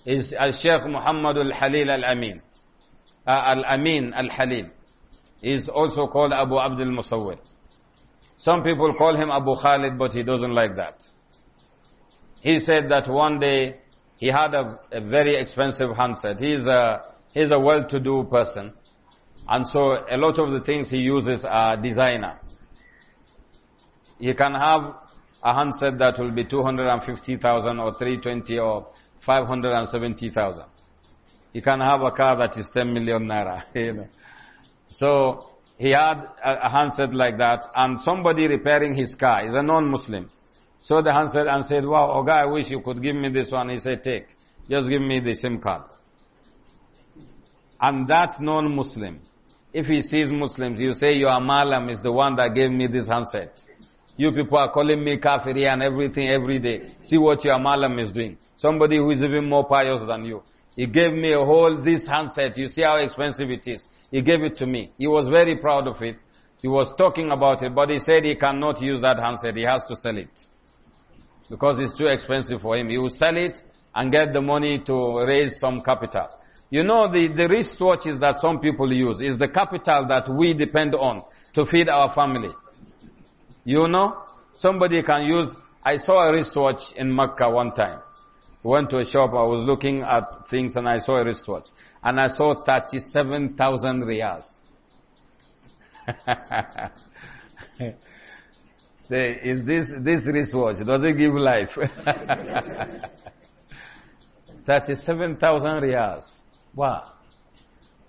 Is Al-Sheikh uh, Muhammad Al-Halil Al-Amin. Uh, Al-Amin Al-Halil. Is also called Abu Abdul Musawwir. Some people call him Abu Khalid, but he doesn't like that. He said that one day he had a, a very expensive handset. He's a, He's a well-to-do person. And so a lot of the things he uses are designer. He can have a handset that will be 250,000 or 320 or 570,000. He can have a car that is 10 million naira. You know. So he had a, handset like that and somebody repairing his car is a non-Muslim. So the handset and said, wow, Oga, oh I wish you could give me this one. He said, take. Just give me the SIM card and that non-Muslim, if he sees Muslims, you say your Malam is the one that gave me this handset. You people are calling me kafiri and everything every day. See what your Malam is doing. Somebody who is even more pious than you. He gave me a whole, this handset. You see how expensive it is. He gave it to me. He was very proud of it. He was talking about it, but he said he cannot use that handset. He has to sell it. Because it's too expensive for him. He will sell it and get the money to raise some capital. You know the, the wristwatches that some people use is the capital that we depend on to feed our family. You know, somebody can use, I saw a wristwatch in Mecca one time. Went to a shop, I was looking at things and I saw a wristwatch. And I saw 37,000 riyals. Say, is this, this wristwatch, does it give life? 37,000 riyals. Wow.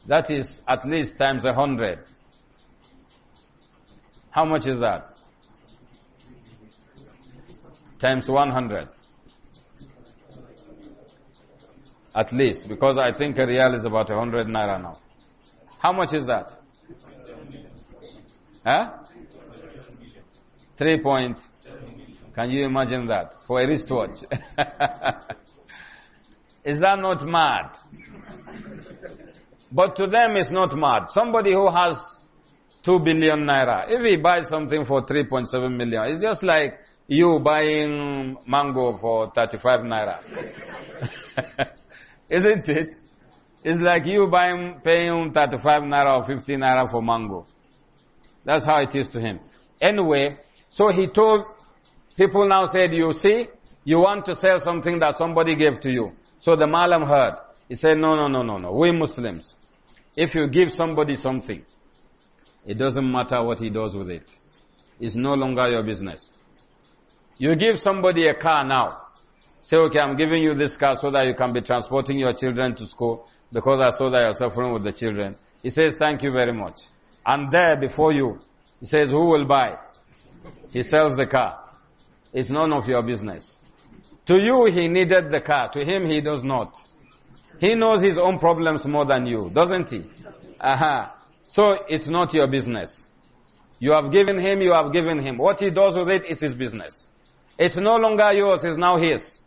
That is at least times a hundred. How much is that? Times 100. At least, because I think a real is about a 100 naira now. How much is that? Huh? 3 point. Can you imagine that? For a wristwatch. is that not mad? But to them it's not mad. Somebody who has 2 billion naira, if he buys something for 3.7 million, it's just like you buying mango for 35 naira. Isn't it? It's like you buying, paying 35 naira or 15 naira for mango. That's how it is to him. Anyway, so he told, people now said, you see, you want to sell something that somebody gave to you. So the malam heard. He said, no, no, no, no, no. We Muslims, if you give somebody something, it doesn't matter what he does with it. It's no longer your business. You give somebody a car now. Say, okay, I'm giving you this car so that you can be transporting your children to school because I saw that you're suffering with the children. He says, thank you very much. And there before you, he says, who will buy? He sells the car. It's none of your business. To you, he needed the car. To him, he does not. He knows his own problems more than you, doesn't he? Aha. So it's not your business. You have given him, you have given him. What he does with it is his business. It's no longer yours, it's now his.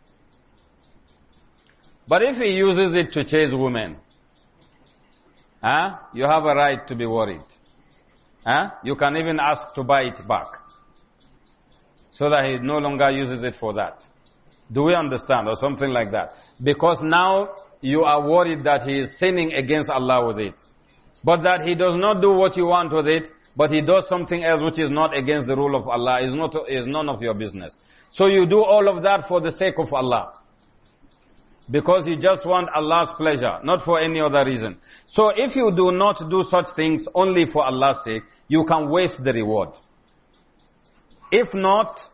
But if he uses it to chase women, huh, you have a right to be worried. Huh? You can even ask to buy it back. So that he no longer uses it for that. Do we understand? Or something like that. Because now you are worried that he is sinning against Allah with it. But that he does not do what you want with it, but he does something else which is not against the rule of Allah, is, not, is none of your business. So you do all of that for the sake of Allah. Because you just want Allah's pleasure, not for any other reason. So if you do not do such things only for Allah's sake, you can waste the reward. If not,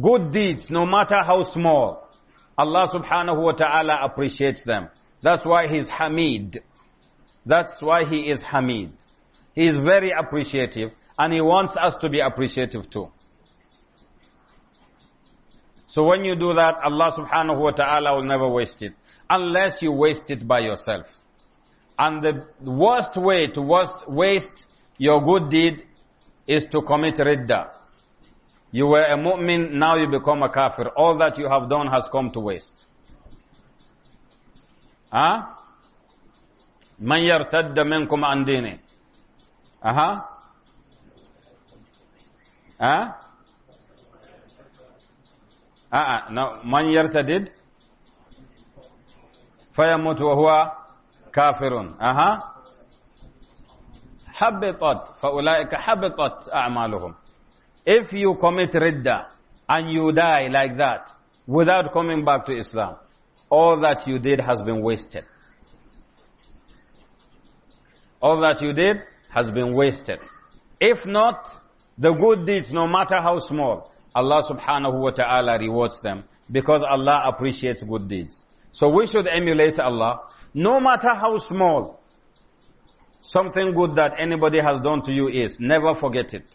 good deeds, no matter how small, Allah subhanahu wa ta'ala appreciates them. That's why he's Hamid. That's why he is Hamid. He is very appreciative and he wants us to be appreciative too. So when you do that, Allah subhanahu wa ta'ala will never waste it. Unless you waste it by yourself. And the worst way to waste your good deed is to commit ridda. You were a mu'min, now you become a kafir. All that you have done has come to waste. ها من يرتد منكم عن دينه أها ها أه, أه،, أه. من يرتد فيموت وهو كافر أها حبطت فأولئك حبطت أعمالهم if you commit ridda and you die like that without coming back to Islam all that you did has been wasted. All that you did has been wasted. If not, the good deeds, no matter how small, Allah subhanahu wa ta'ala rewards them because Allah appreciates good deeds. So we should emulate Allah, no matter how small something good that anybody has done to you is. Never forget it.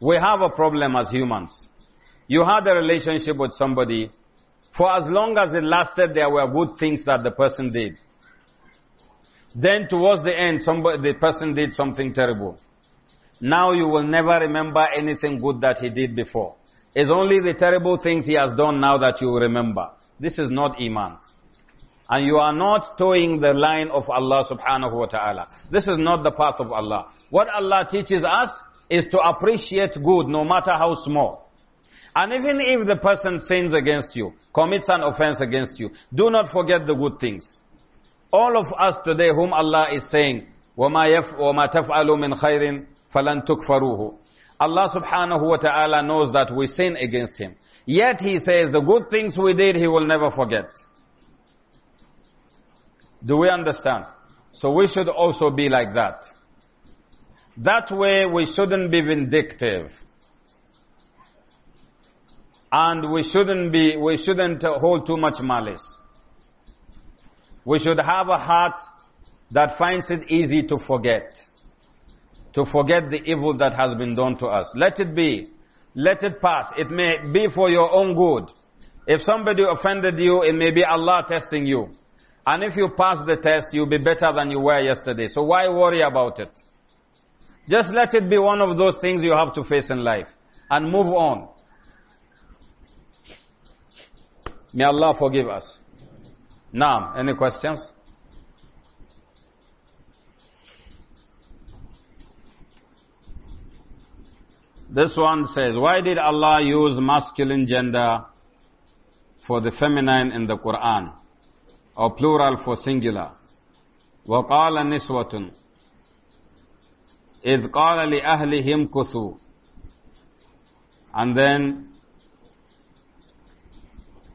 We have a problem as humans. You had a relationship with somebody for as long as it lasted, there were good things that the person did. Then towards the end, somebody, the person did something terrible. Now you will never remember anything good that he did before. It's only the terrible things he has done now that you remember. This is not Iman. And you are not towing the line of Allah subhanahu wa ta'ala. This is not the path of Allah. What Allah teaches us is to appreciate good no matter how small. And even if the person sins against you, commits an offense against you, do not forget the good things. All of us today whom Allah is saying, وَمَا, يف... وَمَا تَفْعَلُوا مِنْ خَيْرٍ فَلَنْ تُكْفَرُوهُ Allah subhanahu wa ta'ala knows that we sin against Him. Yet He says the good things we did He will never forget. Do we understand? So we should also be like that. That way we shouldn't be vindictive. And we shouldn't be, we shouldn't hold too much malice. We should have a heart that finds it easy to forget. To forget the evil that has been done to us. Let it be. Let it pass. It may be for your own good. If somebody offended you, it may be Allah testing you. And if you pass the test, you'll be better than you were yesterday. So why worry about it? Just let it be one of those things you have to face in life and move on. May Allah forgive us. Now, any questions? This one says, why did Allah use masculine gender for the feminine in the Quran? Or plural for singular? وقال نسوة إذ قال لأهلهم كثوا And then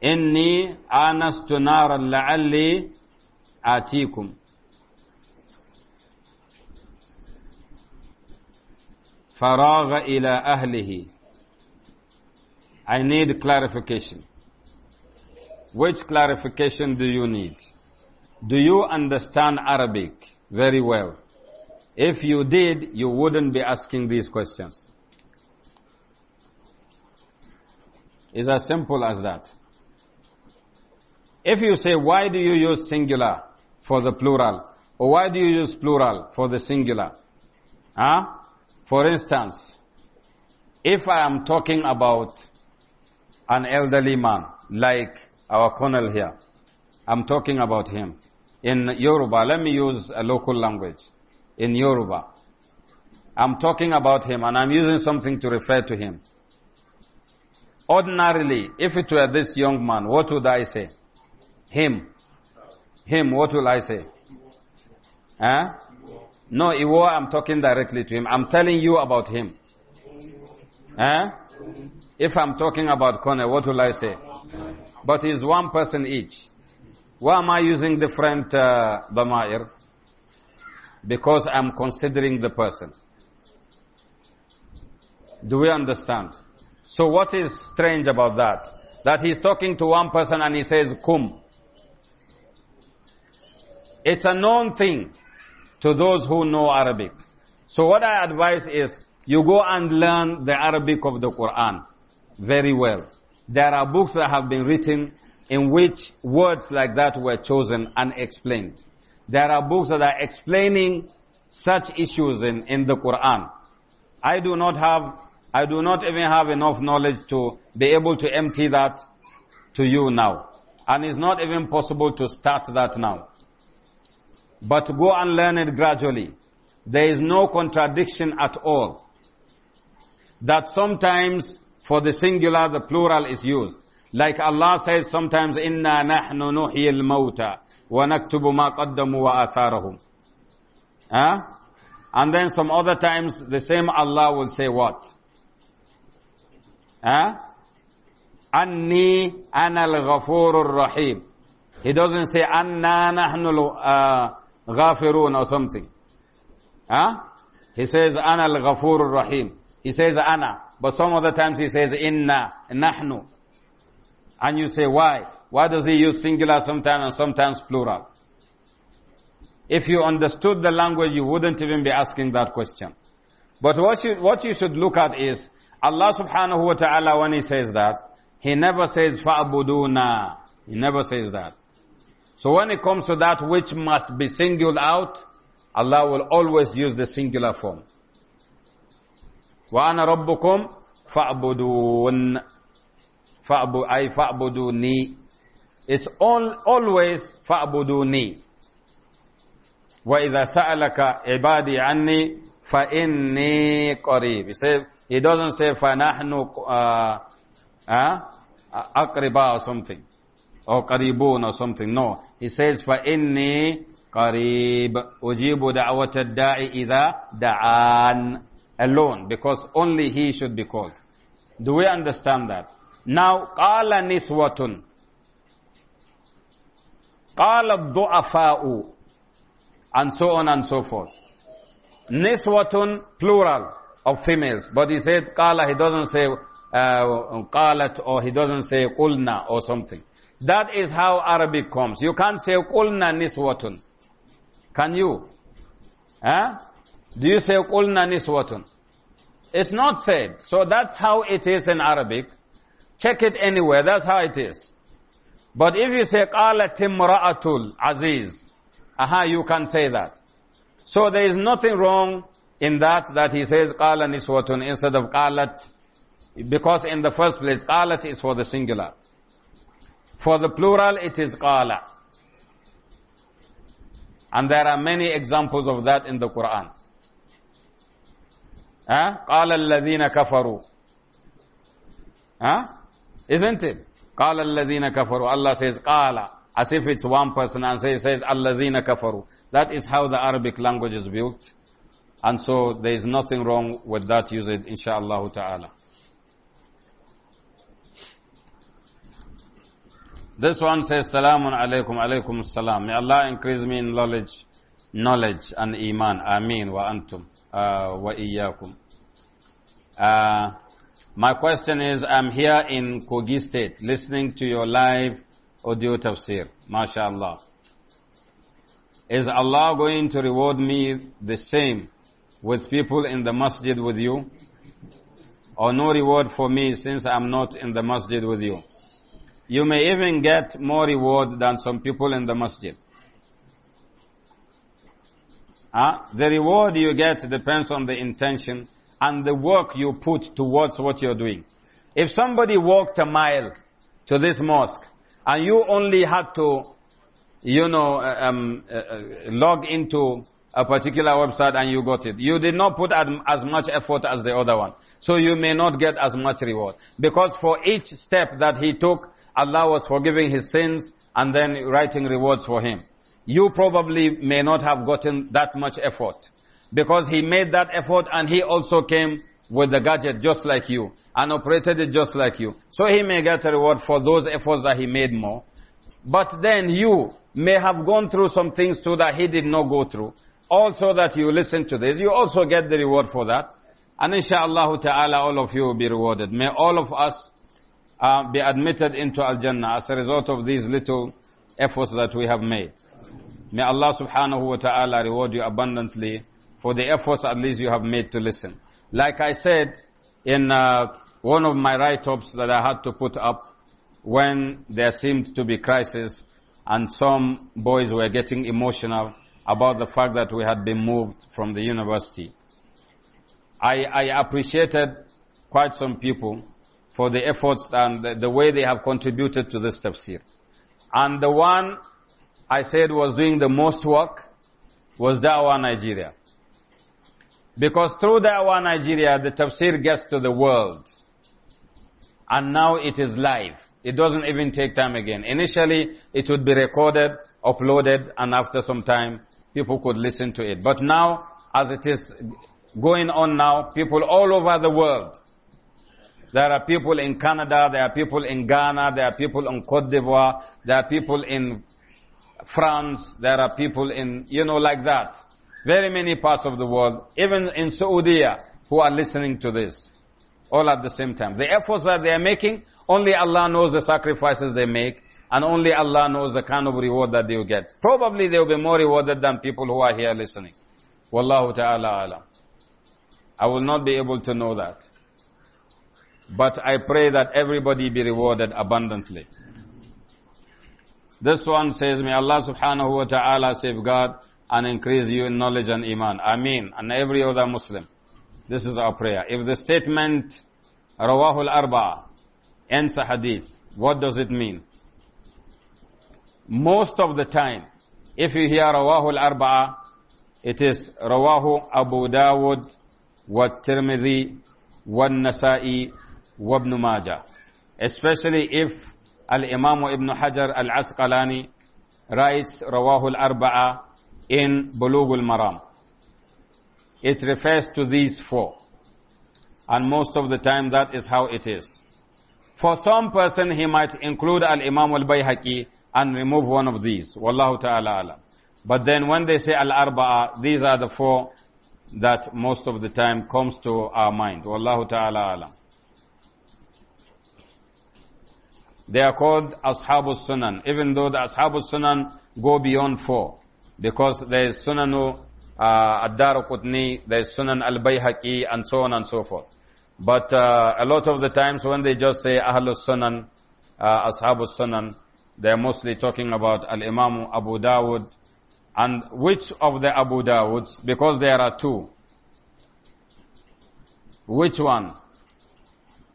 إني آنست نارا لعلي آتيكم فراغ إلى أهله I need clarification. Which clarification do you need? Do you understand Arabic very well? If you did, you wouldn't be asking these questions. It's as simple as that. If you say, why do you use singular for the plural? Or why do you use plural for the singular? Huh? For instance, if I am talking about an elderly man, like our colonel here, I'm talking about him. In Yoruba, let me use a local language. In Yoruba, I'm talking about him and I'm using something to refer to him. Ordinarily, if it were this young man, what would I say? Him. Him, what will I say? Huh? No, Iwo, I'm talking directly to him. I'm telling you about him. Huh? If I'm talking about Kone, what will I say? But he's one person each. Why am I using different uh, damair? Because I'm considering the person. Do we understand? So what is strange about that? That he's talking to one person and he says, Kum. It's a known thing to those who know Arabic. So what I advise is you go and learn the Arabic of the Quran very well. There are books that have been written in which words like that were chosen and explained. There are books that are explaining such issues in, in the Quran. I do not have, I do not even have enough knowledge to be able to empty that to you now. And it's not even possible to start that now. But go and learn it gradually. There is no contradiction at all. That sometimes for the singular the plural is used. Like Allah says sometimes, إِنَّا mauta wa الْمَوْتَى ma qaddamu wa وَآثَارَهُمْ huh? And then some other times the same Allah will say what? Huh? al أَنَا al-Rahim. He doesn't say, أَنَّا نَحْنُ Ghafirun or something. Huh? He says, Ana al-Ghafur rahim He says, Ana. But some other times he says, Inna, Nahnu. And you say, why? Why does he use singular sometimes and sometimes plural? If you understood the language, you wouldn't even be asking that question. But what you, what you should look at is, Allah subhanahu wa ta'ala when he says that, he never says, "Faabuduna." He never says that. So when it comes to that which must be singled out, Allah will always use the singular form. وَأَنَا رَبُّكُمْ فَأْبُدُونَ فَأْبُ أي فَأْبُدُونِي It's all, always فَأْبُدُونِي وَإِذَا سَأَلَكَ عِبَادِي عَنِّي فَإِنِّي قَرِيبٌ He, say, he doesn't say فَنَحْنُ uh, uh, أَقْرِبَا or something or qaribun or something. No. He says, فَإِنِّي قَرِيب أُجِيبُ دَعْوَةَ الدَّاعِ إِذَا دَعَانِ Alone, because only he should be called. Do we understand that? Now, قَالَ نِسْوَةٌ قَالَ الضُّعَفَاءُ And so on and so forth. Niswatun, plural of females. But he said kala. he doesn't say uh, or he doesn't say kulna or something. That is how Arabic comes. You can't say qulna niswatun. Can you? Huh? Do you say qulna niswatun? It's not said. So that's how it is in Arabic. Check it anywhere. That's how it is. But if you say qalatim imra'atul aziz, aha, you can say that. So there is nothing wrong in that that he says qala niswatun instead of qalat because in the first place qalat is for the singular. For the plural, it is qala. And there are many examples of that in the Quran. قال الذين كفروا Isn't it? قال الذين كفروا Allah says قال as if it's one person and says, says الذين كفروا That is how the Arabic language is built. And so there is nothing wrong with that usage, inshallah ta'ala. This one says, Salamun alaykum alaykum salam. May Allah increase me in knowledge, knowledge and iman. Ameen wa antum uh, wa iyyakum. Uh, my question is, I'm here in Kogi State listening to your live audio tafsir. MashaAllah. Is Allah going to reward me the same with people in the masjid with you? Or no reward for me since I'm not in the masjid with you? You may even get more reward than some people in the masjid. Huh? The reward you get depends on the intention and the work you put towards what you're doing. If somebody walked a mile to this mosque and you only had to, you know, uh, um, uh, uh, log into a particular website and you got it. You did not put as much effort as the other one. So you may not get as much reward. Because for each step that he took, Allah was forgiving his sins and then writing rewards for him. You probably may not have gotten that much effort because he made that effort and he also came with the gadget just like you and operated it just like you. So he may get a reward for those efforts that he made more. But then you may have gone through some things too that he did not go through. Also that you listen to this, you also get the reward for that. And inshallah ta'ala all of you will be rewarded. May all of us uh, be admitted into Al Jannah as a result of these little efforts that we have made. May Allah subhanahu wa ta'ala reward you abundantly for the efforts at least you have made to listen. Like I said in uh, one of my write-ups that I had to put up when there seemed to be crisis and some boys were getting emotional about the fact that we had been moved from the university. I, I appreciated quite some people for the efforts and the, the way they have contributed to this tafsir. And the one I said was doing the most work was Dawah Nigeria. Because through Dawah Nigeria, the tafsir gets to the world. And now it is live. It doesn't even take time again. Initially, it would be recorded, uploaded, and after some time, people could listen to it. But now, as it is going on now, people all over the world there are people in Canada, there are people in Ghana, there are people in Cote d'Ivoire, there are people in France, there are people in, you know, like that. Very many parts of the world, even in Saudi, who are listening to this. All at the same time. The efforts that they are making, only Allah knows the sacrifices they make, and only Allah knows the kind of reward that they will get. Probably they will be more rewarded than people who are here listening. Wallahu ta'ala alam. I will not be able to know that. But I pray that everybody be rewarded abundantly. This one says, May Allah subhanahu wa ta'ala safeguard and increase you in knowledge and iman. Ameen. And every other Muslim. This is our prayer. If the statement Rawahul arba ends a hadith, what does it mean? Most of the time, if you hear Rawahul arba, it is Rawahu Abu Dawud, wa Tirmidhi, wa Nasa'i, وابن Majah. Especially if Al-Imam Ibn Hajr Al-Asqalani writes Rawahul Arba'a in Bulughul Maram. It refers to these four. And most of the time that is how it is. For some person he might include Al-Imam Al-Bayhaqi and remove one of these. Wallahu ta'ala alam. But then when they say Al-Arba'a, these are the four that most of the time comes to our mind. Wallahu ta'ala alam. They are called Ashabul Sunan, even though the Ashabul Sunan go beyond four. Because there is Sunanu uh, Ad-Dar Qutni, there is Sunan Al-Bayhaqi, and so on and so forth. But uh, a lot of the times when they just say Ahlul Sunan, uh, Ashabul Sunan, they're mostly talking about Al-Imam Abu Dawud, and which of the Abu Dawuds, because there are two, which one?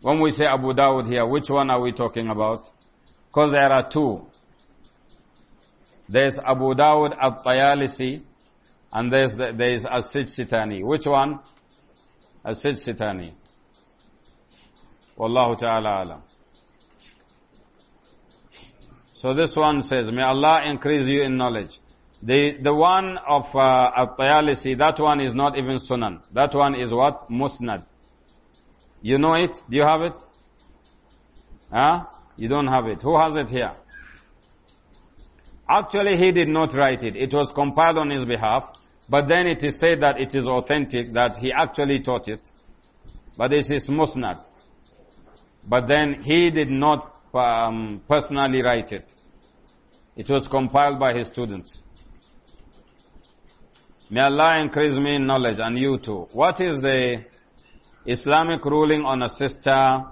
When we say Abu Dawud here, which one are we talking about? Because there are two. There's Abu Dawud al-Tayalisi and there's the, there's As-Sitani. Which one? As-Sitani. Wallahu ta'ala alam. So this one says, may Allah increase you in knowledge. The, the one of uh, At-Tayalisi, that one is not even Sunan. That one is what? Musnad. You know it? Do you have it? Huh? You don't have it. Who has it here? Actually, he did not write it. It was compiled on his behalf. But then it is said that it is authentic, that he actually taught it. But this is musnad. But then he did not um, personally write it. It was compiled by his students. May Allah increase me in knowledge and you too. What is the Islamic ruling on a sister,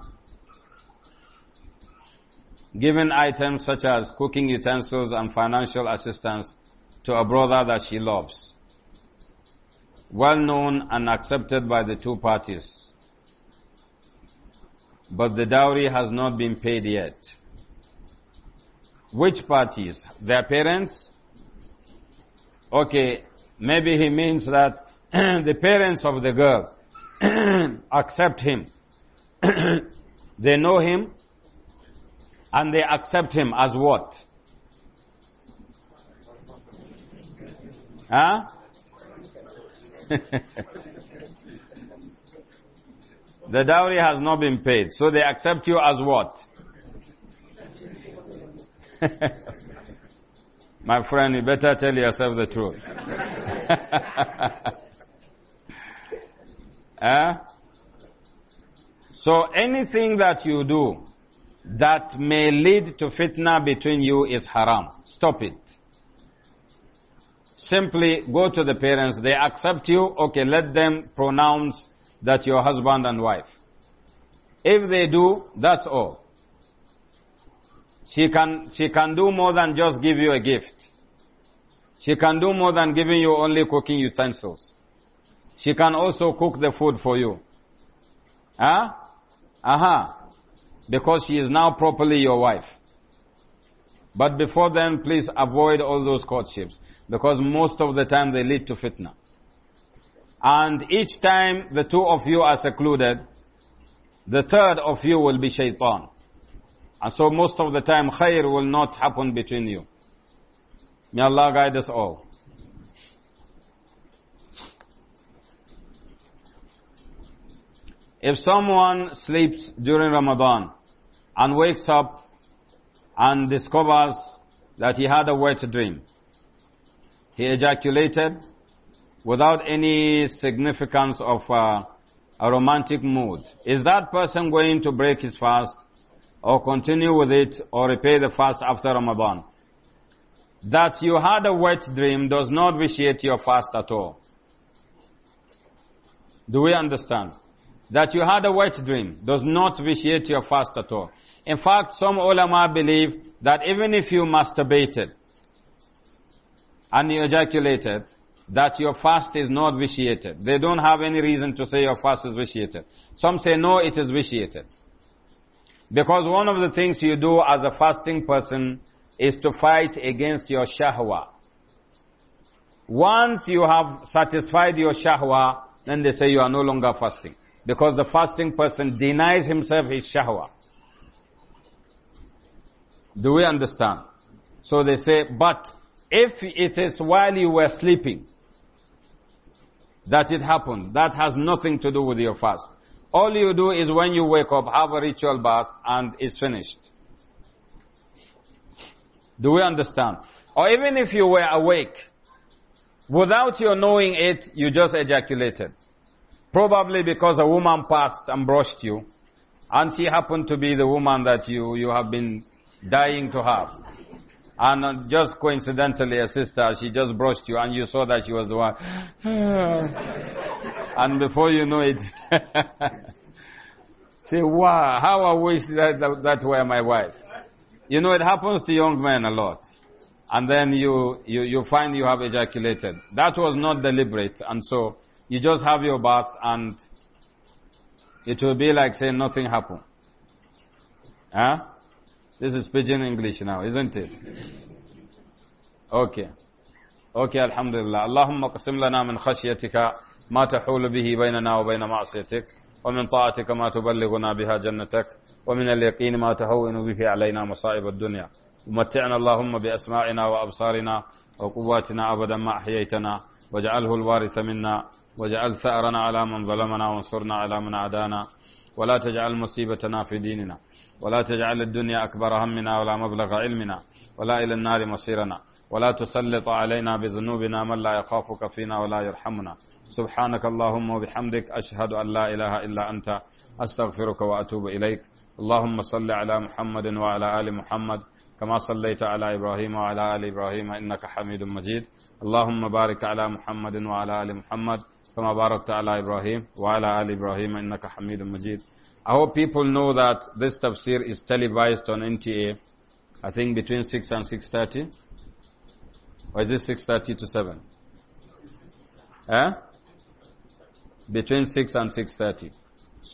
giving items such as cooking utensils and financial assistance to a brother that she loves. Well known and accepted by the two parties. But the dowry has not been paid yet. Which parties? Their parents? Okay, maybe he means that the parents of the girl accept him. they know him and they accept him as what? Huh? the dowry has not been paid, so they accept you as what? My friend, you better tell yourself the truth. Eh? So anything that you do that may lead to fitna between you is haram. Stop it. Simply go to the parents. They accept you. Okay, let them pronounce that you're husband and wife. If they do, that's all. She can, she can do more than just give you a gift. She can do more than giving you only cooking utensils. She can also cook the food for you. Huh? Aha. Uh-huh. Because she is now properly your wife. But before then, please avoid all those courtships. Because most of the time they lead to fitna. And each time the two of you are secluded, the third of you will be shaitan. And so most of the time khair will not happen between you. May Allah guide us all. If someone sleeps during Ramadan and wakes up and discovers that he had a wet dream, he ejaculated without any significance of uh, a romantic mood. Is that person going to break his fast or continue with it or repay the fast after Ramadan? That you had a wet dream does not vitiate your fast at all. Do we understand? that you had a wet dream does not vitiate your fast at all. In fact, some ulama believe that even if you masturbated and you ejaculated, that your fast is not vitiated. They don't have any reason to say your fast is vitiated. Some say no, it is vitiated. Because one of the things you do as a fasting person is to fight against your shahwa. Once you have satisfied your shahwa, then they say you are no longer fasting. Because the fasting person denies himself his shahwa. Do we understand? So they say, but if it is while you were sleeping that it happened, that has nothing to do with your fast. All you do is when you wake up, have a ritual bath and it's finished. Do we understand? Or even if you were awake, without your knowing it, you just ejaculated. Probably because a woman passed and brushed you, and she happened to be the woman that you, you have been dying to have. And uh, just coincidentally, a sister, she just brushed you and you saw that she was the one. and before you know it, say, wow, how I wish that, that, that were my wife. You know, it happens to young men a lot. And then you, you, you find you have ejaculated. That was not deliberate. And so you just have your bath and it will be like saying nothing happened. Huh? This is pidgin English now, isn't it? Okay. Okay, Alhamdulillah. Allahumma qasim lana min khashyatika wa bayna ma'asiyatik wa min dunya ومتعنا اللهم واجعل ثأرنا على من ظلمنا وانصرنا على من عادانا ولا تجعل مصيبتنا في ديننا ولا تجعل الدنيا أكبر همنا ولا مبلغ علمنا ولا إلى النار مصيرنا ولا تسلط علينا بذنوبنا من لا يخافك فينا ولا يرحمنا سبحانك اللهم وبحمدك أشهد أن لا إله إلا أنت أستغفرك وأتوب إليك اللهم صل على محمد وعلى آل محمد كما صليت على إبراهيم وعلى آل إبراهيم إنك حميد مجيد اللهم بارك على محمد وعلى آل محمد كما باركت على إبراهيم وعلى آل إبراهيم إنك حميد مجيد I hope people know that this tafsir is televised on NTA I think between 6 and 6.30 or is it 6.30 to 7? Eh? Between 6 and 6.30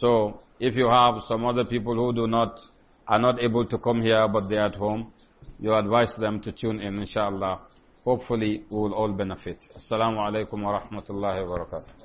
So if you have some other people who do not are not able to come here but they are at home, you advise them to tune in inshallah Hopefully, we will all benefit. Assalamu alaikum wa rahmatullahi wa barakatuh.